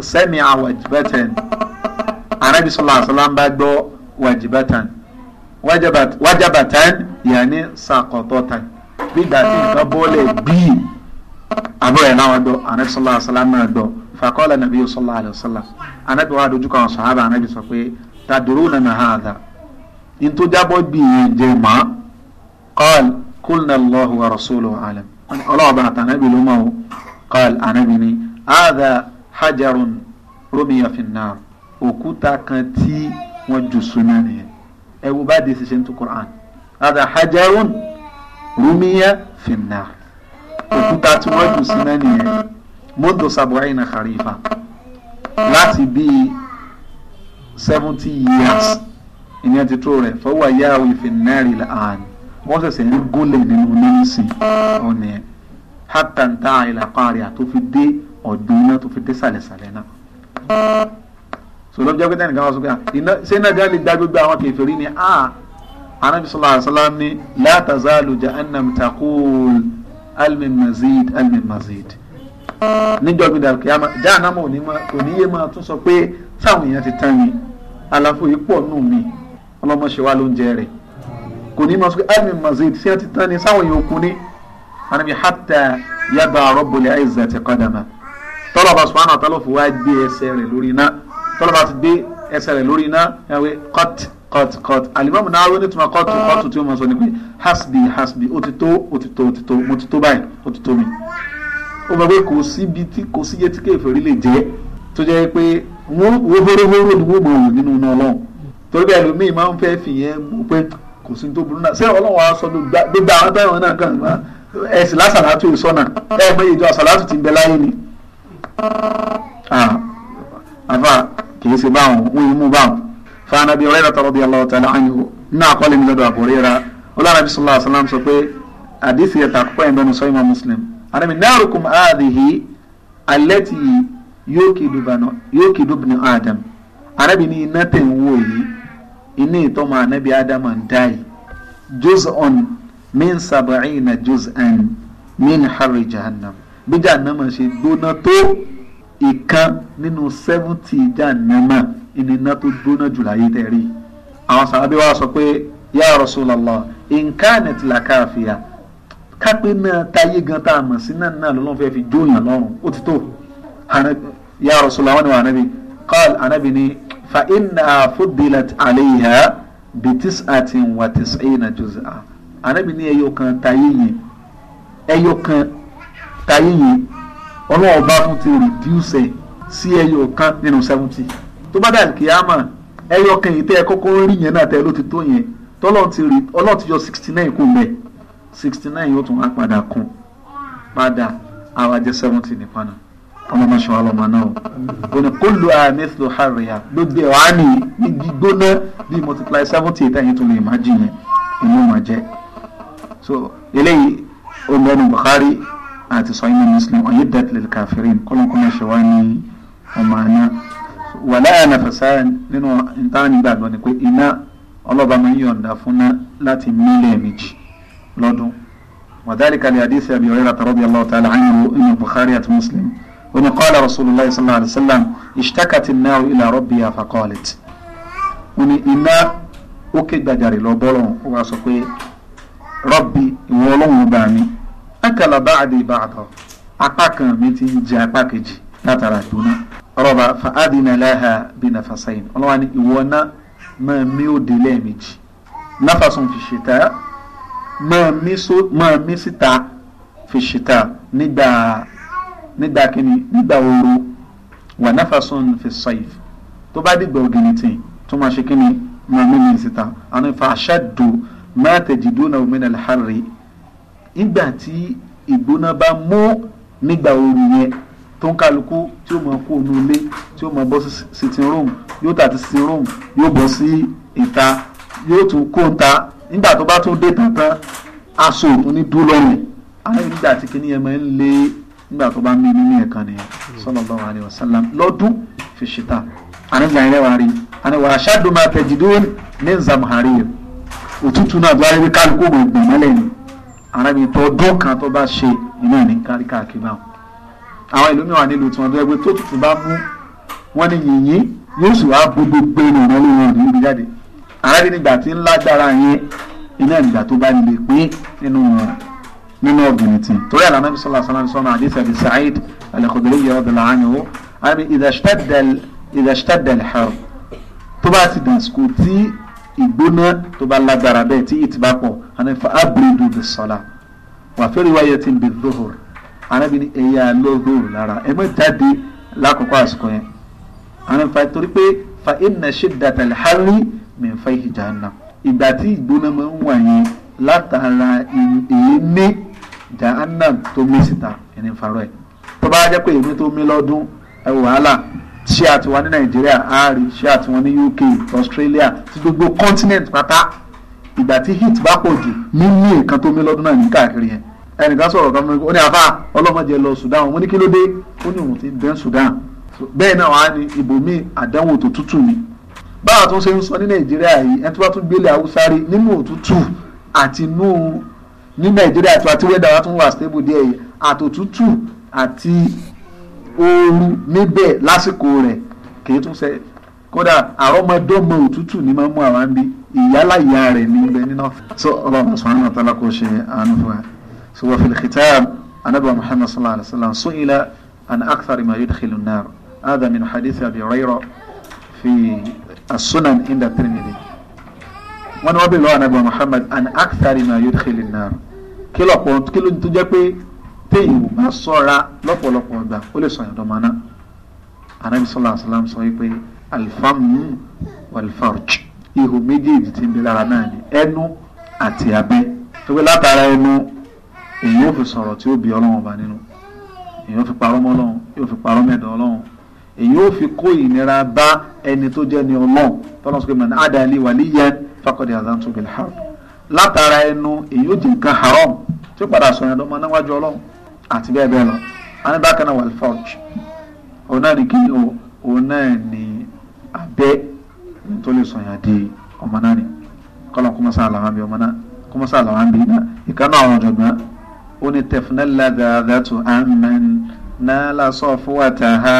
sami'a wajibatan anábì sallallahu alayhi nǹkan bọ́ọ̀lẹ̀ bíi àbúrò ẹ̀ náà dọ̀ anabi sallallahu alayhi wa sallam náà dọ̀ fàkọ́lá nàbí sallallahu alayhi wa sallam anabi wa dojú kan sàhábà anabi sọ pé tàdúró nà nà hàdà ntó jábọ́ bí yẹn jẹ́ mọ́ qal kulna allahu wa rasuluhu alam ọlọ́ọ̀bà àtànàbì ló mọ̀ qal anabi ni hàdà hajarun rumiya fi nnar òkúta kan tí wọ́n jù sunu nìyẹn ẹ wo bá di ṣiṣẹ́ ní tu Qur'an hàdà hajarun rumiya fi òkúta tí wọ́n jù sí náà nìyẹn mọ́tò sabuayi na kharifa láti bíi seventy years ìyẹn ti tó rẹ̀ fọwọ́ yá òfin náírà làánì wọ́n ṣẹ̀ṣẹ̀ ń gúnlẹ̀ nínú onímísìn ọ̀nà ẹ̀ hátà ń ta àìlà parí àtó fi dé ọ̀dún iná tó fi dé sàlẹ̀sàlẹ̀ náà. sọlọ́jọ́ pé tẹ́nìkan wọ́n sọ pé ah, iná ṣé iná gan lè gba gbogbo àwọn kèfèrí ni a ah, anabi sallallahu alaihi wasallam ni la tazalu jahannam taqul almin mazid almin mazid níjọ́ gbé dàrú kìá jáàná mọ̀ òníyé máa tún sọ pé táwọn èèyàn ti tán mi àlàfo yìí pọ̀ nù mí ọlọ́mọ ṣe wá lóúnjẹ rẹ̀ kò ní máa sọ pé almin mazid sí ẹ ti tán ni sáwọn èèyàn òkun ni anabi hatta yaba rabbul izzati qadama tọ́lọ́ba subhanahu wa ta'ala wa gbé ẹsẹ̀ rẹ̀ lórí iná tọ́lọ́ba ti gbé ẹsẹ̀ rẹ̀ lórí iná ẹ̀ kọ́tì kọ́ọ̀tù kọ́ọ̀tù alimami náà wí ní tuma kọ́ọ̀tù kọ́ọ̀tù tí ó máa sọ ni pé hasbi hasbi o ti tó ó ti tó o ti tó mo ti tó báyìí ó ti tó mi. ó mọ̀ pé kò síbi tí kò síye tí kèfèrí lè jẹ́ tó jẹ́ pé wọ́n hóróhóró ni wọ́n mọ̀ wò nínú iná ọlọ́run torí bẹ́ẹ̀ lómi máa ń fẹ́ fìyẹn mọ̀ pé kò sí tó burú náà sẹ́yìn ọlọ́run aṣọ gbogbo àwọn táwọn náà kàn wá ẹ̀sìn lásàlátù ìsọ̀nà ẹ̀ mọ ìjọ àsàlátù ti ń bẹ láyé ni. Ah, àfa kì í ṣe báwọn wọ́n yìí mú fana bi ọ̀rẹ́rẹ́ tọrọ bí ọlọ́wọ́ tẹ̀lé àyìnbó nínú àkọọ́lẹ̀ mi lọ́dọ̀ àbúrẹ́ra ọlọ́run bisalòlá asalaam sọ pé àdìsí ẹ̀ta àkọ́kọ́ yẹn bẹ́nu sọ́yìnbó muslim àdàmì náàrùkùn àdìhì alẹ́tì yókè dùbìnrin adam àdàbì ní iná tẹ̀ ń wò yìí iná ìtọ́mọ ànábì adam ń dá yìí on min sab'ina juz an min harri jahannam bí jahannama ṣe gbóná tó ìkan nínú seventy jahannama ìní iná tó gbóná jù láyé tẹ́ rí àwọn sàbí wa sọ pé ya Rasulullah nǹkan àtìlá káàfìyà kápẹ́ náà táyé gan tá a mọ̀ sí náà náà lọ́lọ́run fẹ́ fi jóyàn lọ́rùn ó ti tó ya Rasulullah wọn ni wà ànábì qal ànábì ni fa inna fuddilat alayha bi tis'atin wa tis'ina juz'a ànábì ni ẹyọ kan táyé yẹn ẹyọ kan táyé yẹn ọlọ́wọ́ bá tún ti reduce sí ẹyọ kan nínú seventy tó bá dà kíámà ẹyọ kan yìí tẹ́ ẹ kọ́kọ́ rí yẹn náà tẹ́ ló ti tó yẹn tọ́lọ́n ti rí ọlọ́run ti yọ sixty nine kù mẹ́ sixty nine yóò tún wá padà kún padà àwa jẹ́ seventy nìkan náà ọlọ́mọ ṣọ́ ọlọ́mọ náà o ní kó lu àmẹ́sìlò hàrìyà gbogbo ẹ̀ wá ní gbígbóná bí multiply seventy eight ẹ̀yìn tó lè má jìn yẹn inú ma jẹ́ so eléyìí ọgbẹ́ni Bukhari àti sọ́yìn Muslim ọ̀yẹ́dẹ́tìlẹ̀ kàfẹ́rìn kọ́lọ́kọ́lọ́ ṣe wá ní ọmọ náà wàláyà nàfàsáyà nínú ìtawọn ìgbàgbọ́ ni pé iná ọlọ́ba máa ń yọ̀ǹda fún ná láti mí lẹ́ẹ̀mejì lọ́dún وذلك لحديث أبي هريرة رضي الله تعالى عنه إن البخاري مسلم وإن قال رسول الله صلى الله عليه وسلم اشتكت النار إلى ربها فقالت وإن إنا أكد جاري لو بولون واسقي ربي ولون بامي أكل بعدي بعضا أقاك متين جاكاكجي لا ترى دونه rọba fa adina laha bi nafasayin ọlọ́wà ni ìwọ náà máa mí òde lẹ́ẹ̀mejì nafasun fi ṣètà máa mí síta fi ṣètà nígbà nígbà kíni nígbà ooru wà nafasun fi sayf tó bá dìgbà ògìnìtì tó máa ṣe kíni máa mí mi síta àwọn ìfà aṣáàdù máa tẹ̀jìdó náà min al-harri nígbà tí ìgbóná bá mú nígbà ooru yẹn tó ń kálukú tí ó mọ kó inú ilé tí ó mọ bọ́ sí sitting room yóò tà ti sitting room yóò bọ́ sí ìta yóò tún kó ń ta nígbà tó bá tún dé tàntàn aṣọ òtún ní dúró lọ́rùn àwọn nígbà tí kìnìyàn máa ń lé nígbà tó bá ń mí nínú ẹ̀kan nìyẹn hmm. sallallahu alaihi wasallam lọ́dún fi ṣìta ànígbà yẹn wà rí àníwà ashaddu ma tajidun min zamhariyr òtútù náà tó wáyé pé kálukú mọ̀ mọ́lẹ̀ ni àrẹ́mi tó ọdún kan tó bá ṣe inú ẹ̀ ní kárí káàkiri náà àwọn ẹlòmíì wà nílùú tí wọ́n dẹ́gbẹ́ tó tutù bá mú wọ́n ní yìnyín yóò sì wá gbogbo gbé ìrànlọ́wọ́ lóhùn òní ibi jáde arábìnrin ìgbà tí ń lágbára yẹn iná ìgbà tó bá lè pé nínú nínú ọ̀gbìn tì torí àlànà bí sọlá sọlá sọlá àdìsí àbí Sa'id al-Khudri yẹ ọdọ làánì o àbí ìdàṣítàdàl tó bá ti dàsíkò tí ìgbóná tó bá lágbára bẹ́ẹ̀ tí ìtìbá àná fa abúlé dùn bí sọlá wà fẹ́rẹ̀ wáyé tí ń bí dùhùrù arábìnrin ẹ̀yà lóòrùn lára ẹ má jáde lákòókò àsìkò yẹn àrùnfà torí pé fa inna shiddata al-harri min fayhi jahannam ìgbà tí ìgbóná máa ń wà yẹn látara èémí jahannam tó mí síta ẹni farọ́ ẹ̀ tó bá jẹ́ pé èémí tó mí lọ́dún ẹ wàhálà ṣé àti ní nàìjíríà àárí ṣé àti ní UK Australia ti gbogbo continent pátá ìgbà tí heat bá pọ̀ jù mímú èèkan tó mí lọ́dún náà ní káàkiri yẹn ẹnìkan sọ̀rọ̀ kan fún mi ó ní àfa ọlọ́mọdé lọ Sudan mo ní kí ló dé ó ní òun ti dẹ́n Sudan bẹ́ẹ̀ náà wàá ní ibòmíì àdánwò tó tútù ni báwa tó ṣe ń sọ ní Nàìjíríà yìí ẹni tó bá tún gbélé Haúsá rí nínú òtútù àti inú ní Nàìjíríà tó àti wẹ́dà wa tún wà stable díẹ̀ yìí àtòtútù àti ooru níbẹ̀ lásìkò rẹ̀ kì í tún ṣe kódà àrọ́mọdọ́mọ òtútù ni máa ń mú àwọn bí ìyálà ìyá rẹ̀ ní nínú ọ̀fẹ́. sọ ọlọ́run sọ àwọn àtàlákò ṣe àánú fún wa so في fil khitab anabi muhammad sallallahu alaihi wasallam su'ila an akthar أكثر yudkhilu an النار هذا من حديث أبي هريرة في السنن عند الترمذي wọ́n ní wọ́n bèèrè lọ́wọ́ anabi muhammad an akthari ma yudkhilin nar kí lọ́pọ̀ kí ló ń tó jẹ́ pé téyì ò bá sọ́ra lọ́pọ̀lọpọ̀ ọgbà ó lè sọ̀yàn dọ̀mọ́ná anabi sallallahu alaihi wasallam sọ wípé alifamu walfarj ihò méjèèjì ti ń bẹ lára náà ni ẹnu àti abẹ́ tó látara ẹnu èyí yóò fi sọ̀rọ̀ tí ó bí ọlọ́run ọba nínú èyí yóò fi parọ́ mọ́ ọlọ́run yóò fi parọ́ mẹ́dọ̀ ọlọ́run èyí yóò fi kó ìnira bá ẹni tó jẹ́ ni ọlọ́run tọ́lá sọ pé mọ̀ ní àdáyẹlé wàlíyẹ faqad azantu bil harb látara ẹnu èyí yóò jẹ nǹkan haram tí ó padà sọ ìyàdọ́ mọ́ níwájú ọlọ́run àti bẹ́ẹ̀ bẹ́ẹ̀ lọ àní náà wal ní kíni òun náà ní abẹ́ ni kọ́lọ̀ kọ́mọ́sá àlàwọ̀ àbí ọmọ náà kọ́mọ́sá àlàwọ̀ àbí náà ìkànnà ó ní tẹ̀fúnẹ́lá dàdàtú amẹ́n náà lásọ̀ fún wàtàhà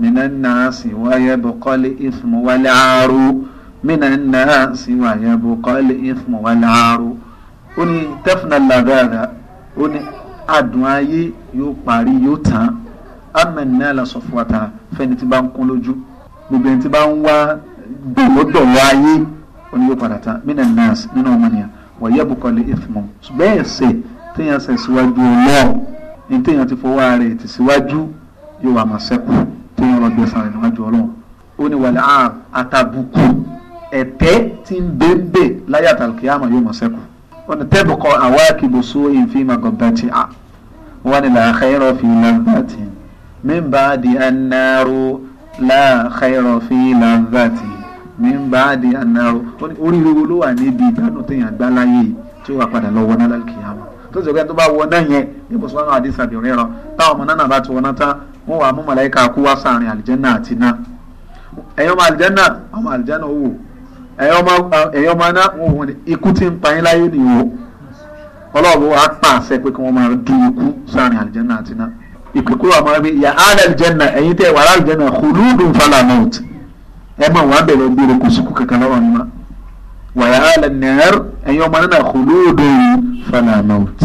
minan naasi wáyé bukọ́lé ìfún wálé àárú minan naasi wáyé bukọ́lé ìfún wálé àárú ó ní tẹ̀fúnẹ́lá dàdà ó ní adùn ayé yóò parí yóò tán amẹ́n náà lásọ̀ fún wàtàhà fẹ́ni tí gbogbo ẹni tí bá ń wá dọ̀lọ́dọ̀lọ́ ayé ó ní yóò minan naasi nínú ọmọnìyàn wọ́n yẹ bùkọ́ lè ìfìmọ̀ ṣùgbọ́n ẹ̀ṣẹ̀ téèyàn ṣẹ̀ síwájú ọlọ́ọ̀ ní téèyàn ti fọwọ́ rẹ̀ ti síwájú yóò wà máa ṣẹ́kù téèyàn lọ gbẹ̀san rẹ̀ níwájú ọlọ́ọ̀ ó ní wàlẹ́ àrùn àtàbùkù ẹ̀tẹ́ ti ń bẹ́ẹ̀ láyà tàlùkìyàmà yóò máa ṣẹ́kù ó ní tẹ́bùkọ́ àwọn akìbò sóyìn fi máa à wọ́n ní làákàyèrò fi làǹbà tì mi ń bá di ànáró oríire wo ló wà níbi ìdánù téèyàn gbá láyé yìí tí ó wà padà lọ wọná lálùkìyàmọ tó sì rẹ tó bá wọná yẹn níbo sọ náà àdìsá bì rírọ táwọn ọmọ náà bá ti wọná tán wọn wà mú màláíkà kú wá sáàrin àlìjẹ́nà àti iná ẹ̀yin ọmọ àlìjẹ́nà ọmọ àlìjẹ́nà ó wò ẹ̀yin ọmọ aná wọn wò ní ikú tí ń pa yín láyé nìyó ọlọ́ọ̀bù wa pàṣẹ pé kí ẹ̀ma wàá bẹ̀rẹ̀ bèrè kò sókù kankan lọ́wọ́ ni ma wàyà àlẹ nẹ́ẹ̀r ẹ̀yin ọmọ náà kò lóòdò yìí fàlà àmàwùt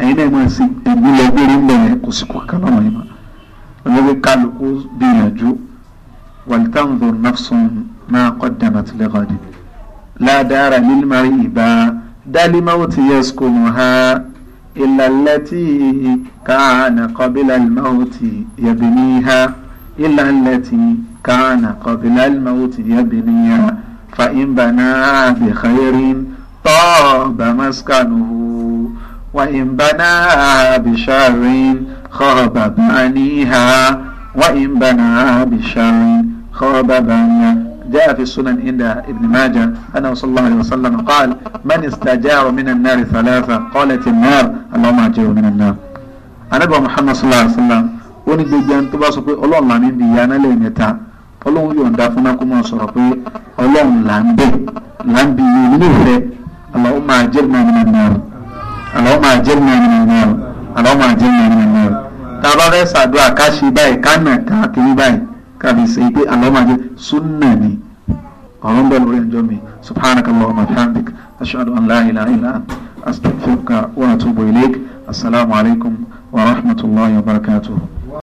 ẹ̀yin náà máa ṣe ẹ̀mí lọ bèrè ń bẹ̀rẹ̀ kò sókù kankan lọ́wọ́ ni ma olórí kálukú gbìyànjú wàlítàǹdù nafsun máa kọ́ dàmàtìlẹ́kọ̀ọ́dì ládàára lílmárì ìbá dálímáwùtì yẹ sukùnù ha ìlàlẹ́tì kàánà kọ́bílà ìmáwùtì yẹ̀bìníhà كان قبل الموت يبنيا فإن بنى بخير طاب مسكنه وإن بنى بشر خاب بانيها وإن بنى بشر خاب بانيها جاء في السنن عند ابن ماجه أنا صلى الله عليه وسلم قال من استجار من النار ثلاثة قالت النار اللهم أجره من النار أنا محمد صلى الله عليه وسلم ونجد أن تبصق الله من بيانا لين يتعب ọlọ́run yọ̀ǹda fúnná kó máa sọ̀rọ̀ pé ọlọ́run là ń bẹ̀ là ń bi iye nínú ìfẹ́ Allahumma ajirna minan nar Allahumma ajirna minan nar Allahumma ajirna minan nar tá a bá fẹ́ sàdúrà ká ṣe báyìí ká nà káàkiri báyìí káàbí ṣe pé Allahumma ajirna súnà ni ọ̀rọ̀ ń lórí ẹjọ́ mi subhanakallahumma wa bihamdik astaghfiruka wa atubu ilaik assalamu alaikum wa rahmatullahi